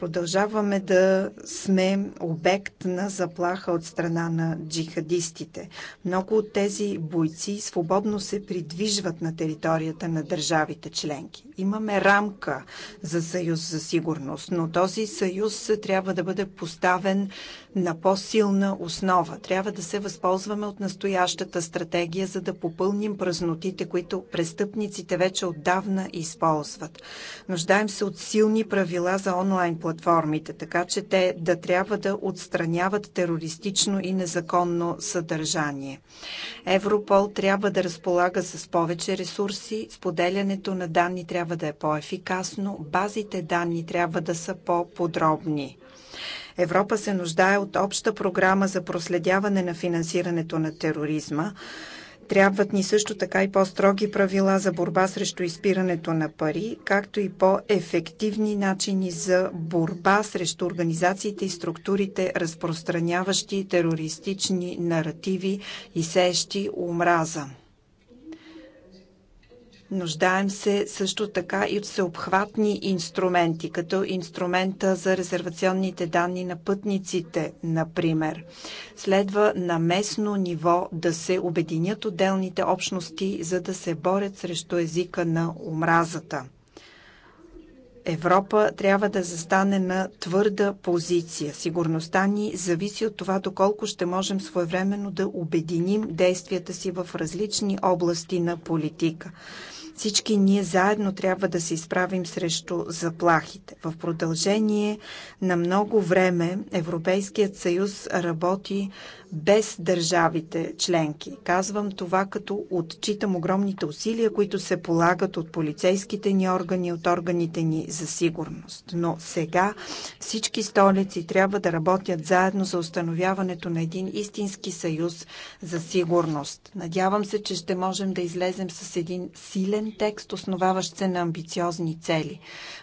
S3: Продължаваме да сме обект на заплаха от страна на джихадистите. Много от тези бойци свободно се придвижват на територията на държавите членки. Имаме рамка за съюз за сигурност, но този съюз трябва да бъде поставен на по-силна основа. Трябва да се възползваме от настоящата стратегия, за да попълним празнотите, които престъпниците вече отдавна използват. Нуждаем се от силни правила за онлайн платформите, така че те да трябва да отстраняват терористично и незаконно съдържание. Европол трябва да разполага с повече ресурси, споделянето на данни трябва да е по-ефикасно, базите данни трябва да са по-подробни. Европа се нуждае от обща програма за проследяване на финансирането на тероризма. Трябват ни също така и по-строги правила за борба срещу изпирането на пари, както и по-ефективни начини за борба срещу организациите и структурите, разпространяващи терористични наративи и сеещи омраза. Нуждаем се също така и от всеобхватни инструменти, като инструмента за резервационните данни на пътниците, например. Следва на местно ниво да се обединят отделните общности, за да се борят срещу езика на омразата. Европа трябва да застане на твърда позиция. Сигурността ни зависи от това доколко ще можем своевременно да обединим действията си в различни области на политика. Всички ние заедно трябва да се изправим срещу заплахите. В продължение на много време Европейският съюз работи без държавите членки. Казвам това като отчитам огромните усилия, които се полагат от полицейските ни органи, от органите ни за сигурност. Но сега всички столици трябва да работят заедно за установяването на един истински съюз за сигурност. Надявам се, че ще можем да излезем с един силен текст, основаващ се на амбициозни цели.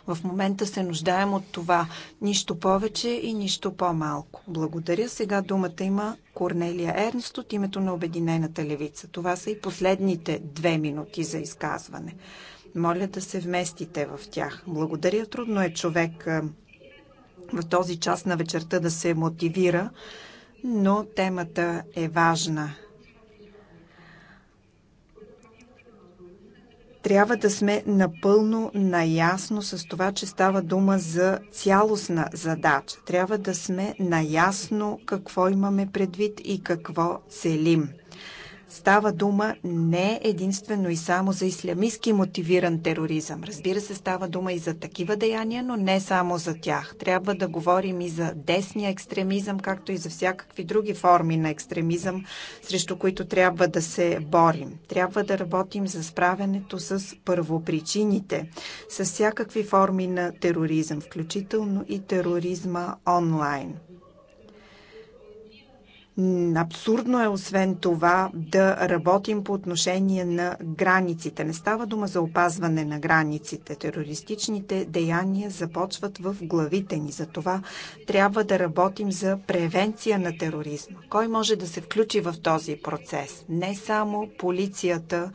S3: В момента се нуждаем от това. Нищо повече и нищо по-малко. Благодаря. Сега думата има Корнелия Ернст от името на Обединената левица. Това са и последните две минути за изказване. Моля да се вместите в тях. Благодаря. Трудно е човек в този час на вечерта да се мотивира, но темата е важна. трябва да сме напълно наясно с това, че става дума за цялостна задача. Трябва да сме наясно какво имаме предвид и какво целим. Става дума не единствено и само за ислямистски мотивиран тероризъм. Разбира се, става дума и за такива деяния, но не само за тях. Трябва да говорим и за десния екстремизъм, както и за всякакви други форми на екстремизъм, срещу които трябва да се борим. Трябва да работим за справянето с първопричините, с всякакви форми на тероризъм, включително и тероризма онлайн. Абсурдно е освен това да работим по отношение на границите. Не става дума за опазване на границите. Терористичните деяния започват в главите ни. Затова трябва да работим за превенция на тероризма. Кой може да се включи в този процес? Не само полицията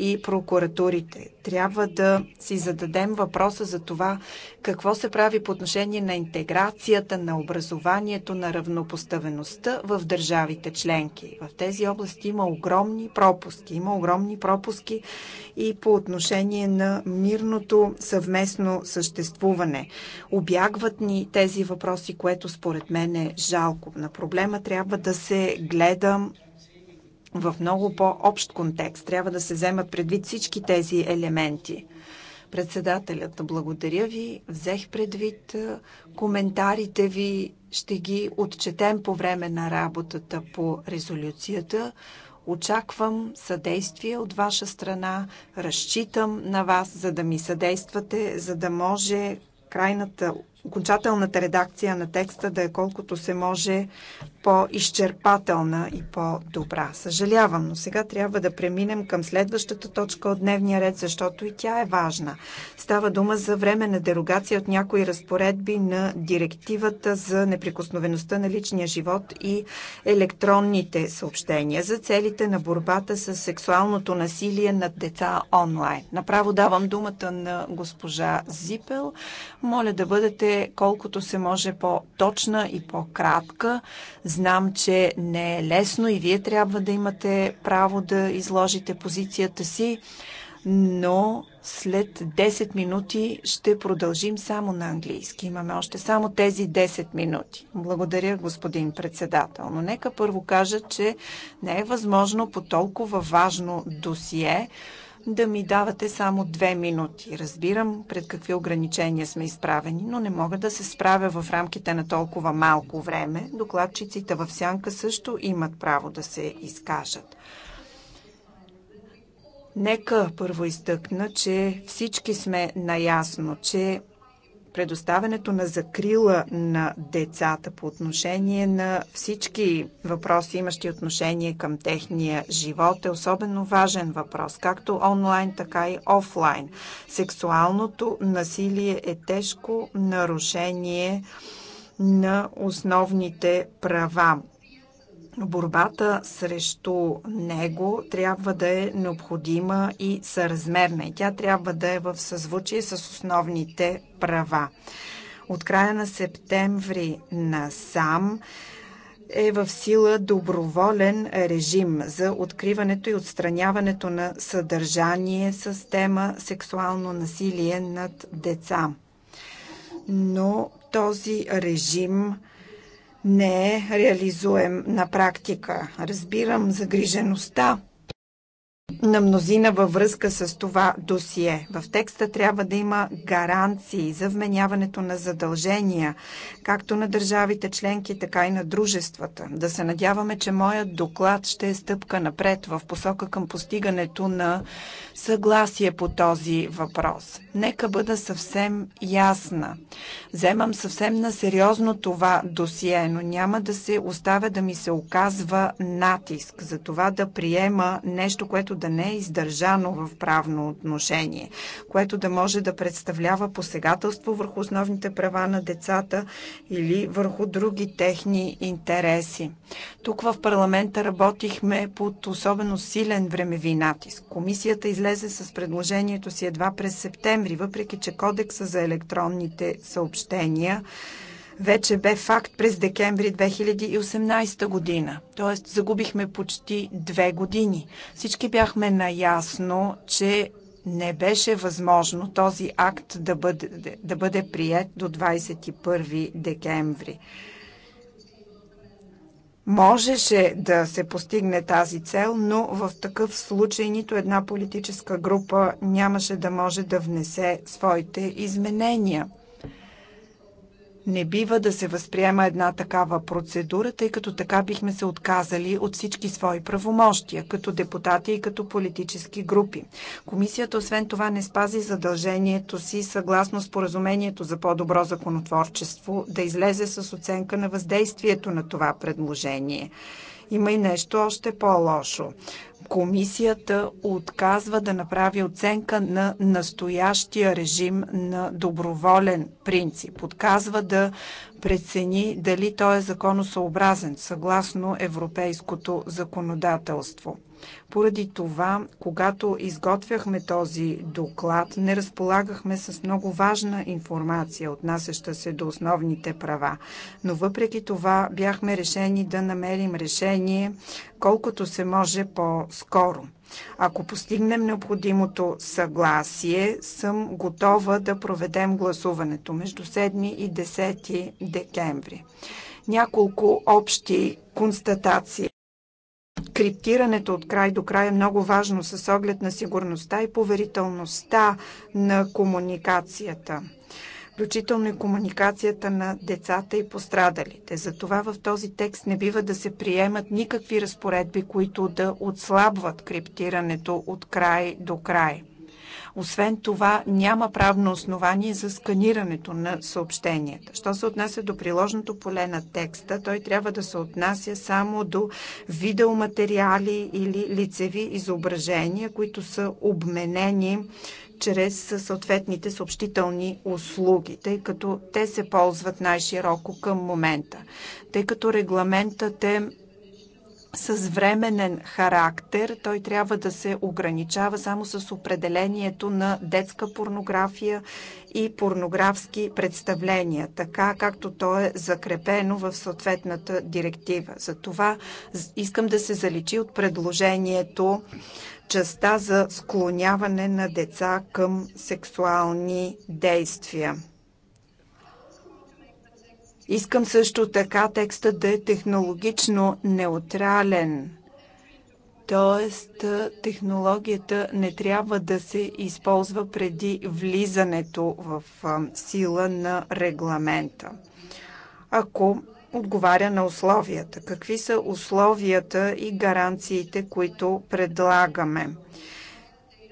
S3: и прокуратурите. Трябва да си зададем въпроса за това какво се прави по отношение на интеграцията, на образованието, на равнопоставеността в държавите членки. В тези области има огромни пропуски. Има огромни пропуски и по отношение на мирното съвместно съществуване. Обягват ни тези въпроси, което според мен е жалко. На проблема трябва да се гледа в много по-общ контекст. Трябва да се вземат предвид всички тези елементи. Председателят, благодаря ви. Взех предвид коментарите ви. Ще ги отчетем по време на работата по резолюцията. Очаквам съдействие от ваша страна. Разчитам на вас, за да ми съдействате, за да може крайната, окончателната редакция на текста да е колкото се може по-изчерпателна и по-добра. Съжалявам, но сега трябва да преминем към следващата точка от дневния ред, защото и тя е важна. Става дума за време на дерогация от някои разпоредби на директивата за неприкосновеността на личния живот и електронните съобщения за целите на борбата с сексуалното насилие над деца онлайн. Направо давам думата на госпожа Зипел. Моля да бъдете колкото се може по-точна и по-кратка, Знам, че не е лесно и вие трябва да имате право да изложите позицията си, но след 10 минути ще продължим само на английски. Имаме още само тези 10 минути. Благодаря, господин председател. Но нека първо кажа, че не е възможно по толкова важно досие да ми давате само две минути. Разбирам пред какви ограничения сме изправени, но не мога да се справя в рамките на толкова малко време. Докладчиците в сянка също имат право да се изкажат. Нека първо изтъкна, че всички сме наясно, че предоставянето на закрила на децата по отношение на всички въпроси, имащи отношение към техния живот, е особено важен въпрос, както онлайн, така и офлайн. Сексуалното насилие е тежко нарушение на основните права борбата срещу него трябва да е необходима и съразмерна. И тя трябва да е в съзвучие с основните права. От края на септември насам е в сила доброволен режим за откриването и отстраняването на съдържание с тема сексуално насилие над деца. Но този режим не е реализуем на практика. Разбирам загрижеността на мнозина във връзка с това досие. В текста трябва да има гаранции за вменяването на задължения, както на държавите членки, така и на дружествата. Да се надяваме, че моят доклад ще е стъпка напред в посока към постигането на съгласие по този въпрос. Нека бъда съвсем ясна. Вземам съвсем на сериозно това досие, но няма да се оставя да ми се оказва натиск за това да приема нещо, което да не е издържано в правно отношение, което да може да представлява посегателство върху основните права на децата или върху други техни интереси. Тук в парламента работихме под особено силен времеви натиск. Комисията излезе с предложението си едва през септември септември, въпреки че Кодекса за електронните съобщения вече бе факт през декември 2018 година. Тоест загубихме почти две години. Всички бяхме наясно, че не беше възможно този акт да бъде, да бъде прият до 21 декември. Можеше да се постигне тази цел, но в такъв случай нито една политическа група нямаше да може да внесе своите изменения. Не бива да се възприема една такава процедура, тъй като така бихме се отказали от всички свои правомощия, като депутати и като политически групи. Комисията освен това не спази задължението си съгласно споразумението за по-добро законотворчество да излезе с оценка на въздействието на това предложение. Има и нещо още по-лошо комисията отказва да направи оценка на настоящия режим на доброволен принцип. Отказва да прецени дали той е законосъобразен съгласно европейското законодателство. Поради това, когато изготвяхме този доклад, не разполагахме с много важна информация, отнасяща се до основните права. Но въпреки това бяхме решени да намерим решение колкото се може по-скоро. Ако постигнем необходимото съгласие, съм готова да проведем гласуването между 7 и 10 декември. Няколко общи констатации криптирането от край до край е много важно с оглед на сигурността и поверителността на комуникацията включително и комуникацията на децата и пострадалите. Затова в този текст не бива да се приемат никакви разпоредби, които да отслабват криптирането от край до край. Освен това, няма правно основание за сканирането на съобщенията. Що се отнася до приложното поле на текста, той трябва да се отнася само до видеоматериали или лицеви изображения, които са обменени чрез съответните съобщителни услуги, тъй като те се ползват най-широко към момента. Тъй като регламентът е с временен характер. Той трябва да се ограничава само с определението на детска порнография и порнографски представления, така както то е закрепено в съответната директива. Затова искам да се заличи от предложението частта за склоняване на деца към сексуални действия. Искам също така текстът да е технологично неутрален. Тоест, технологията не трябва да се използва преди влизането в сила на регламента. Ако отговаря на условията. Какви са условията и гаранциите, които предлагаме?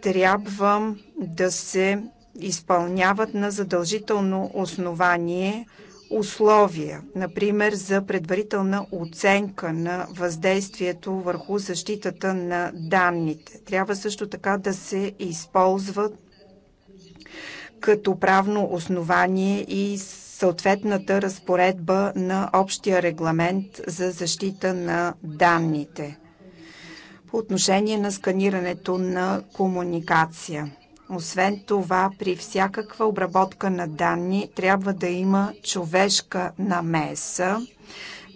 S3: Трябва да се изпълняват на задължително основание – условия, например за предварителна оценка на въздействието върху защитата на данните. Трябва също така да се използват като правно основание и съответната разпоредба на общия регламент за защита на данните по отношение на сканирането на комуникация. Освен това, при всякаква обработка на данни трябва да има човешка намеса.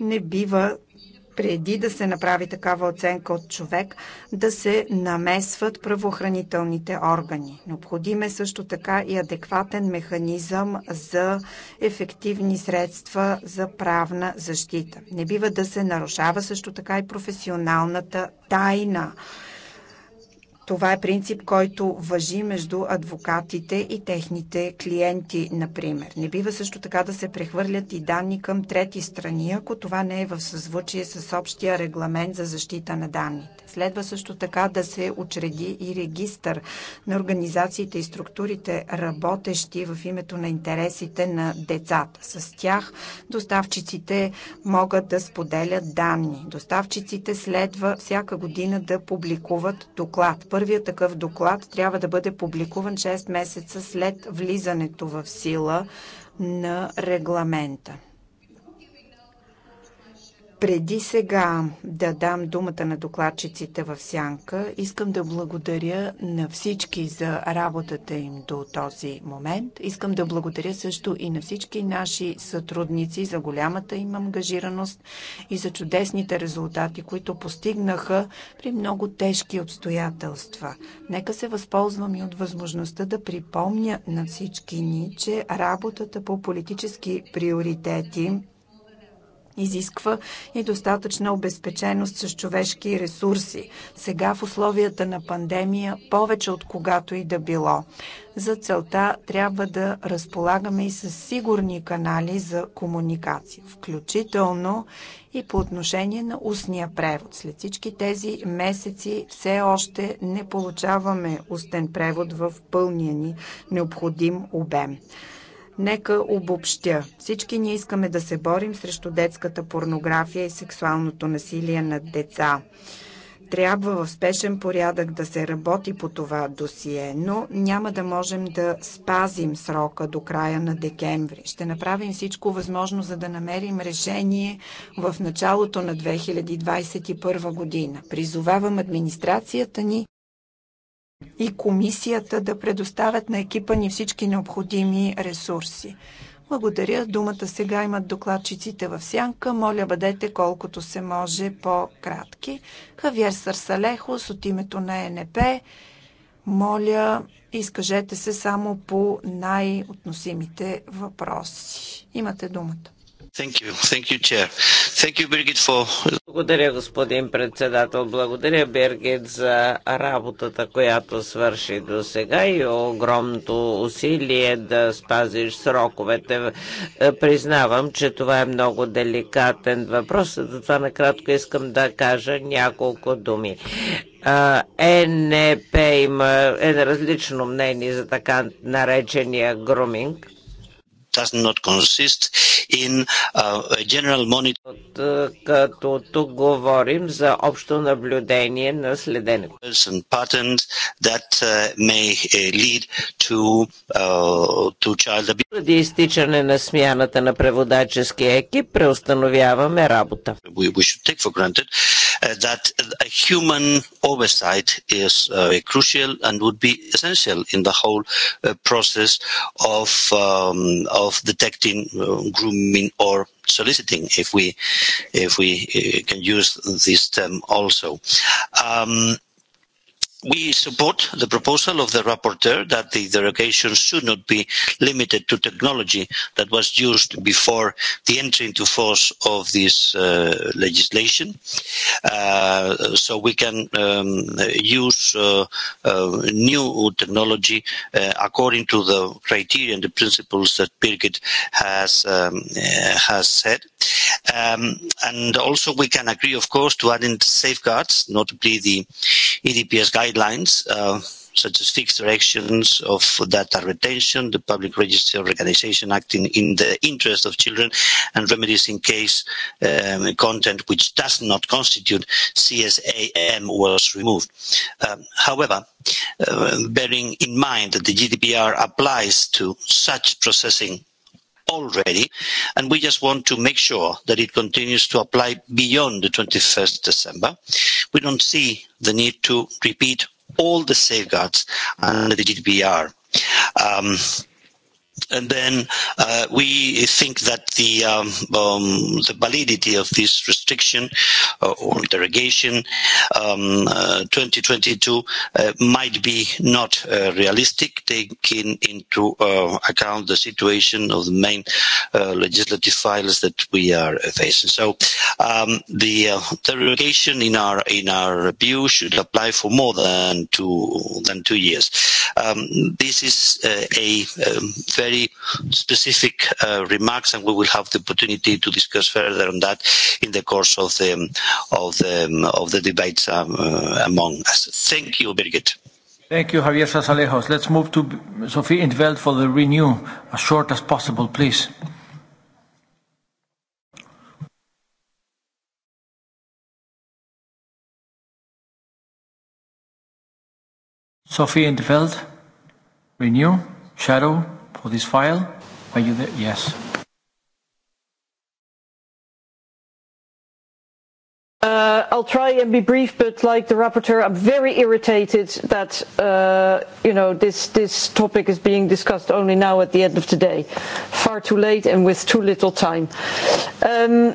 S3: Не бива преди да се направи такава оценка от човек, да се намесват правоохранителните органи. Необходим е също така и адекватен механизъм за ефективни средства за правна защита. Не бива да се нарушава също така и професионалната тайна това е принцип, който въжи между адвокатите и техните клиенти, например. Не бива също така да се прехвърлят и данни към трети страни, ако това не е в съзвучие с общия регламент за защита на данните. Следва също така да се учреди и регистър на организациите и структурите, работещи в името на интересите на децата. С тях доставчиците могат да споделят данни. Доставчиците следва всяка година да публикуват доклад първият такъв доклад трябва да бъде публикуван 6 месеца след влизането в сила на регламента. Преди сега да дам думата на докладчиците в Сянка, искам да благодаря на всички за работата им до този момент. Искам да благодаря също и на всички наши сътрудници за голямата им ангажираност и за чудесните резултати, които постигнаха при много тежки обстоятелства. Нека се възползвам и от възможността да припомня на всички ни, че работата по политически приоритети изисква и достатъчна обезпеченост с човешки ресурси. Сега в условията на пандемия повече от когато и да било. За целта трябва да разполагаме и с сигурни канали за комуникация, включително и по отношение на устния превод. След всички тези месеци все още не получаваме устен превод в пълния ни необходим обем. Нека обобщя. Всички ние искаме да се борим срещу детската порнография и сексуалното насилие над деца трябва в спешен порядък да се работи по това досие, но няма да можем да спазим срока до края на декември. Ще направим всичко възможно, за да намерим решение в началото на 2021 година. Призовавам администрацията ни и комисията да предоставят на екипа ни всички необходими ресурси. Благодаря. Думата сега имат докладчиците в сянка. Моля, бъдете колкото се може по-кратки. Хавиер Сарсалехос от името на ЕНП. Моля, изкажете се само по най-относимите въпроси. Имате думата.
S7: Thank you. Thank you, You,
S5: благодаря, господин председател. Благодаря, Бергит, за работата, която свърши до сега и огромното усилие да спазиш сроковете. Е, признавам, че това е много деликатен въпрос, затова накратко искам да кажа няколко думи. ЕНП е има е различно мнение за така наречения груминг,
S7: does not consist in uh, a general monitor.
S5: Е, като тук говорим за общо наблюдение на
S7: следенето. patterns that uh, may uh, lead to, uh, to child abuse.
S5: Преди изтичане на смяната на преводаческия екип преустановяваме работа.
S7: We, we should take for granted uh, that a human oversight is uh, crucial and would be essential in the whole uh, process of um, of detecting uh, grooming or soliciting, if we if we uh, can use this term also. Um, We support the proposal of the rapporteur that the derogation should not be limited to technology that was used before the entry into force of this uh, legislation. Uh, so we can um, use uh, uh, new technology uh, according to the criteria and the principles that Birgit has, um, uh, has said Um, and also we can agree, of course, to add in safeguards, notably the EDPS guidelines, uh, such as fixed directions of data retention, the Public Register of Organization acting in the interest of children, and remedies in case um, content which does not constitute CSAM was removed. Um, however, uh, bearing in mind that the GDPR applies to such processing already, and we just want to make sure that it continues to apply beyond the 21st December. We don't see the need to repeat all the safeguards under the GDPR. Um, And then uh, we think that the, um, um, the validity of this restriction uh, or derogation um, uh, 2022 uh, might be not uh, realistic, taking into uh, account the situation of the main uh, legislative files that we are facing. So um, the uh, derogation in our in our view should apply for more than two than two years. Um, this is uh, a um, very specific uh, remarks, and we will have the opportunity to discuss further on that in the course of the of the of the debates um, uh, among us. Thank you, Birgit.
S1: Thank you, Javier Sasalejos. Let's move to Sophie Intveld for the renew as short as possible, please. Sophie Intveld, renew, shadow for this file. Are you there? Yes.
S8: Uh, I'll try and be brief, but like the rapporteur, I'm very irritated that uh, you know this this topic is being discussed only now at the end of the day, far too late and with too little time. Um,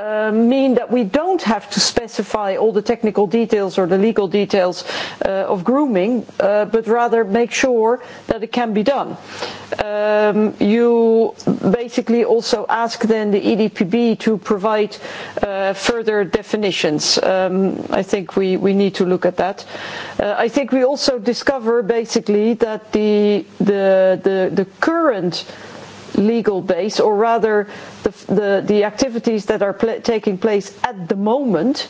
S8: uh, mean that we don't have to specify all the technical details or the legal details uh, of grooming, uh, but rather make sure that it can be done. Um, you basically also ask then the EDPB to provide uh, further definitions. Um, I think we, we need to look at that. Uh, I think we also discover basically that the, the, the, the current legal base, or rather the, the, the activities that are pl- taking place at the moment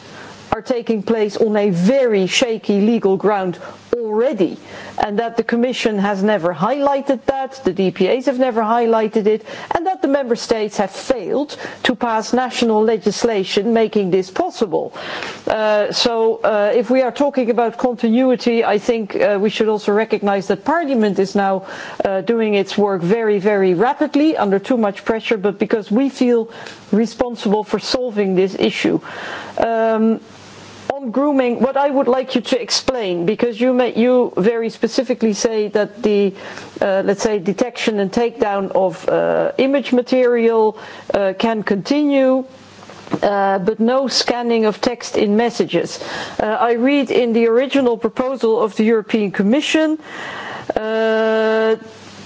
S8: are taking place on a very shaky legal ground already and that the Commission has never highlighted that, the DPAs have never highlighted it, and that the Member States have failed to pass national legislation making this possible. Uh, so uh, if we are talking about continuity, I think uh, we should also recognize that Parliament is now uh, doing its work very, very rapidly under too much pressure, but because we feel responsible for solving this issue. Um, on grooming, what I would like you to explain, because you may, you very specifically say that the, uh, let's say, detection and takedown of uh, image material uh, can continue uh, but no scanning of text in messages. Uh, I read in the original proposal of the European Commission uh,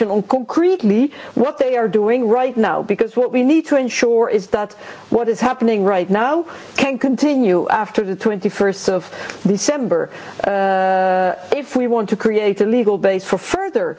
S8: information on concretely what they are doing right now. Because what we need to ensure is that what is happening right now can continue after the 21st of December. Uh, if we want to create a legal base for further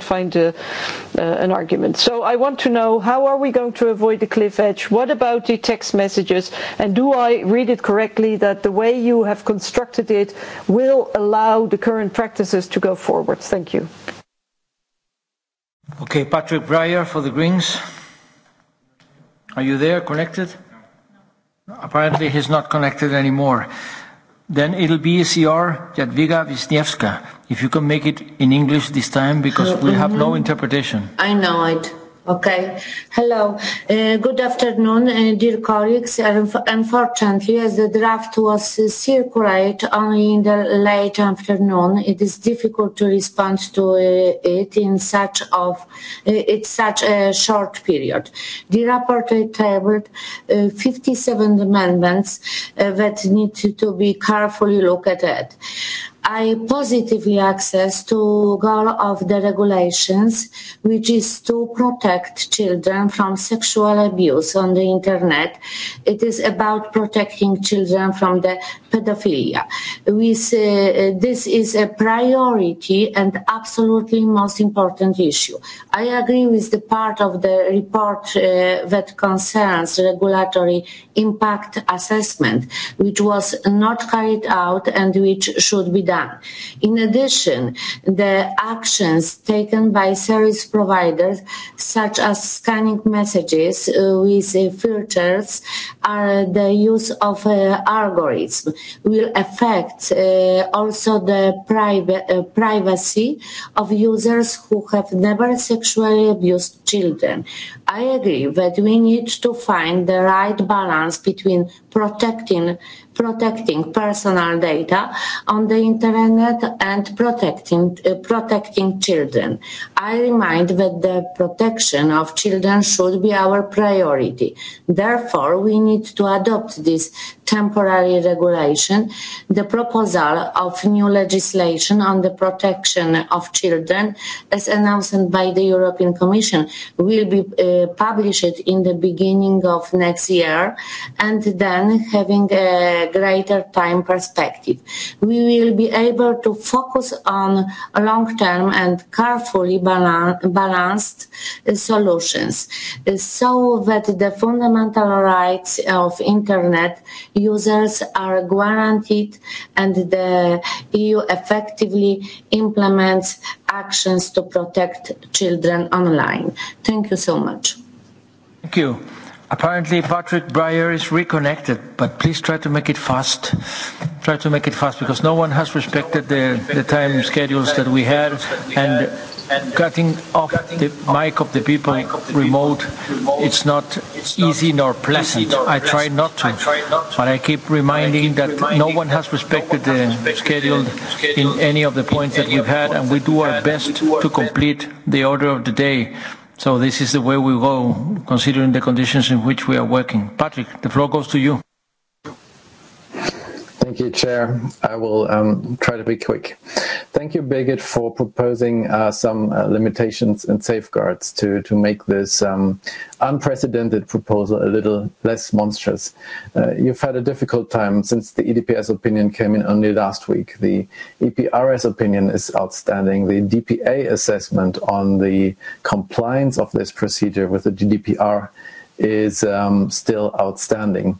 S8: can't find a, uh, an argument. So I want to know how are we going to avoid the cliff edge? What about the text messages? And do I read it correctly that the way you have constructed it will allow the current practices to go forward? Thank you.
S1: Okay, Patrick Breyer for the Greens. Are you there, connected? no Apparently he's not connected anymore. Then it'll be CR Jadwiga Wisniewska. If you can make it in English this time, because we have no interpretation.
S9: I know it. Okay. Hello. Uh, good afternoon, uh, dear colleagues. Unfortunately, as the draft was uh, circulated only in the late afternoon, it is difficult to respond to uh, it in such of uh, it's such a short period. The report tabled uh, 57 amendments uh, that need to be carefully looked at. I positively access to goal of the regulations, which is to protect children from sexual abuse on the internet. It is about protecting children from the pedophilia. We say this is a priority and absolutely most important issue. I agree with the part of the report uh, that concerns regulatory impact assessment, which was not carried out and which should be done. In addition, the actions taken by service providers, such as scanning messages uh, with uh, filters, are the use of uh, algorithms will affect uh, also the private uh, privacy of users who have never sexually abused children. I agree that we need to find the right balance between protecting protecting personal data on the internet and protecting uh, protecting children. I remind that the protection of children should be our priority. Therefore, we need to adopt this temporary regulation, the proposal of new legislation on the protection of children, as announced by the European Commission, will be uh, published in the beginning of next year, and then having a greater time perspective. We will be able to focus on long-term and carefully balanced solutions so that the fundamental rights of internet users are guaranteed and the EU effectively implements actions to protect children online. Thank you so much.
S1: Thank you. Apparently, Patrick Breyer is reconnected, but please try to make it fast. Try to make it fast because no one has respected the, the time schedules that we had, and cutting off the mic of the people remote, it's not easy nor pleasant. I try not to, but I keep reminding that no one has respected the schedule in any of the points that we've had, and we do our best to complete the order of the day So this is the way we go, considering the conditions in which we are working. Patrick, the floor goes to you.
S6: Thank you, Chair. I will um, try to be quick. Thank you, Birgit, for proposing uh, some uh, limitations and safeguards to, to make this um, unprecedented proposal a little less monstrous. Uh, you've had a difficult time since the EDPS opinion came in only last week. The EPRS opinion is outstanding. The DPA assessment on the compliance of this procedure with the GDPR is um, still outstanding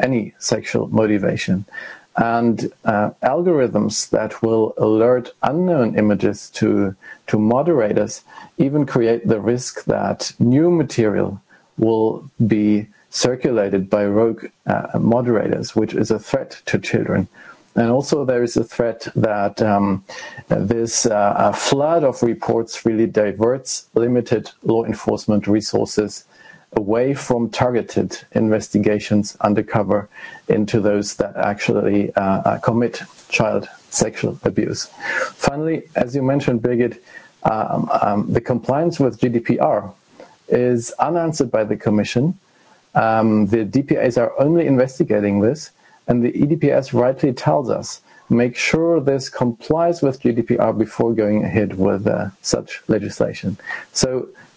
S6: any sexual motivation. And uh, algorithms that will alert unknown images to, to moderators even create the risk that new material will be circulated by rogue uh, moderators, which is a threat to children. And also, there is a threat that um, this uh, flood of reports really diverts limited law enforcement resources away from targeted investigations undercover into those that actually uh, uh commit child sexual abuse. Finally, as you mentioned, Birgit, um, um, the compliance with GDPR is unanswered by the Commission. Um, the DPAs are only investigating this, and the EDPS rightly tells us make sure this complies with GDPR before going ahead with uh, such legislation. So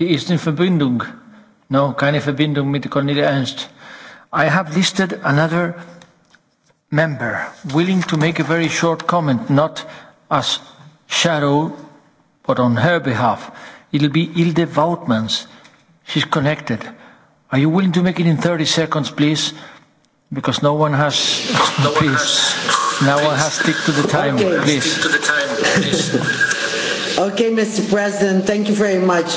S1: Sie ist in Verbindung. No, keine Verbindung mit Cornelia Ernst. I have listed another member willing to make a very short comment, not as shadow, but on her behalf. It'll be Ilde Woutmans. She's connected. Are you willing to make it in 30 seconds, please? Because no one has. No One has no one has stick to the time, okay. please. Stick to the time, please.
S10: okay, Mr. President, thank you very much.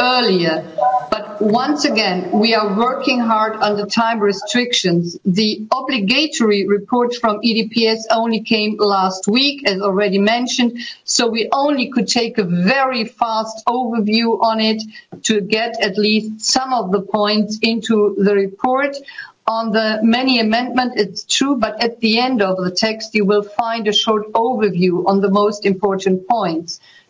S4: earlier. But once again, we are working hard on the time restrictions. The obligatory report from EDPS only came last week, as already mentioned, so we only could take a very fast overview on it to get at least some of the points into the report. On the many amendment, it's true, but at the end of the text, you will find a short overview on the most important points.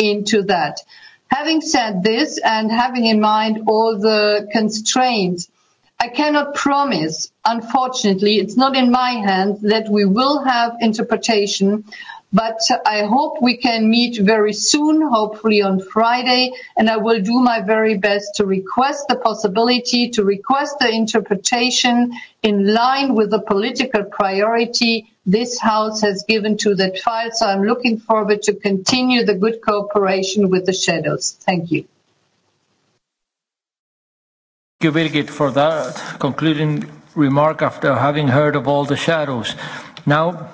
S4: into that. Having said this and having in mind all the constraints, I cannot promise, unfortunately, it's not in my hands that we will have interpretation But I hope we can meet very soon, hopefully on Friday, and I will do my very best to request the possibility to request the interpretation in line with the political priority this House has given to that file. So I'm looking forward to continue the good cooperation with the shadows. Thank you.
S1: Thank you, Birgit, for that concluding remark after having heard of all the shadows. Now,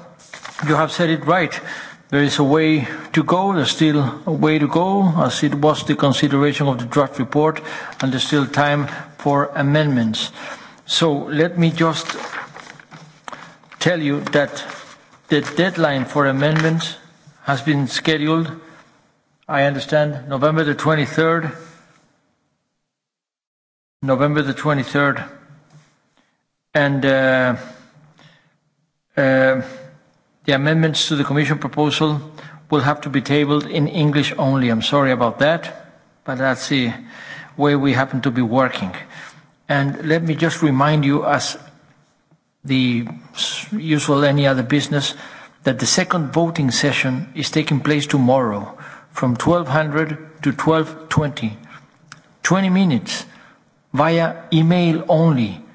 S1: you have said it right. There is a way to go. There's still a way to go, as it was the consideration of the draft report, and there's still time for amendments. So let me just tell you that the deadline for amendments has been scheduled, I understand, November the 23rd. November the 23rd. And uh, uh, The amendments to the Commission proposal will have to be tabled in English only. I'm sorry about that, but that's the way we happen to be working. And let me just remind you, as the usual any other business, that the second voting session is taking place tomorrow from 1200 to 1220. 20 minutes via email only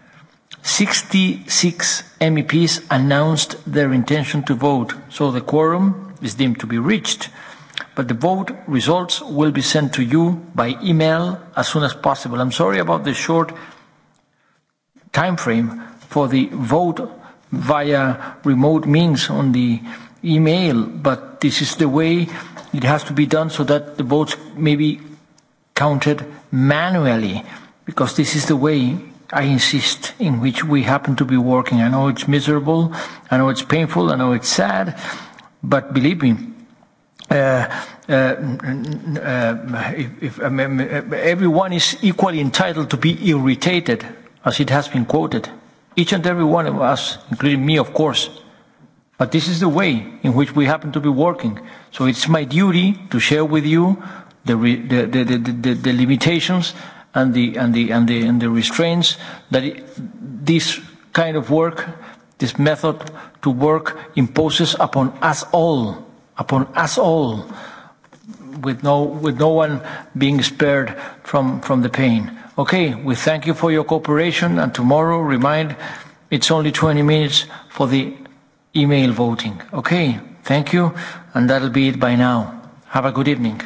S1: 66 MEPs announced their intention to vote, so the quorum is deemed to be reached, but the vote results will be sent to you by email as soon as possible. I'm sorry about the short time frame for the vote via remote means on the email, but this is the way it has to be done so that the votes may be counted manually, because this is the way I insist, in which we happen to be working. I know it's miserable, I know it's painful, I know it's sad, but believe me, uh, uh, uh, if, if, I mean, everyone is equally entitled to be irritated, as it has been quoted. Each and every one of us, including me, of course. But this is the way in which we happen to be working. So it's my duty to share with you the, re- the, the, the, the, the limitations and the, and the, and the, and the restraints that it, this kind of work, this method to work imposes upon us all, upon us all, with no, with no one being spared from, from the pain. Okay, we thank you for your cooperation and tomorrow, remind, it's only 20 minutes for the email voting. Okay, thank you, and that'll be it by now. Have a good evening.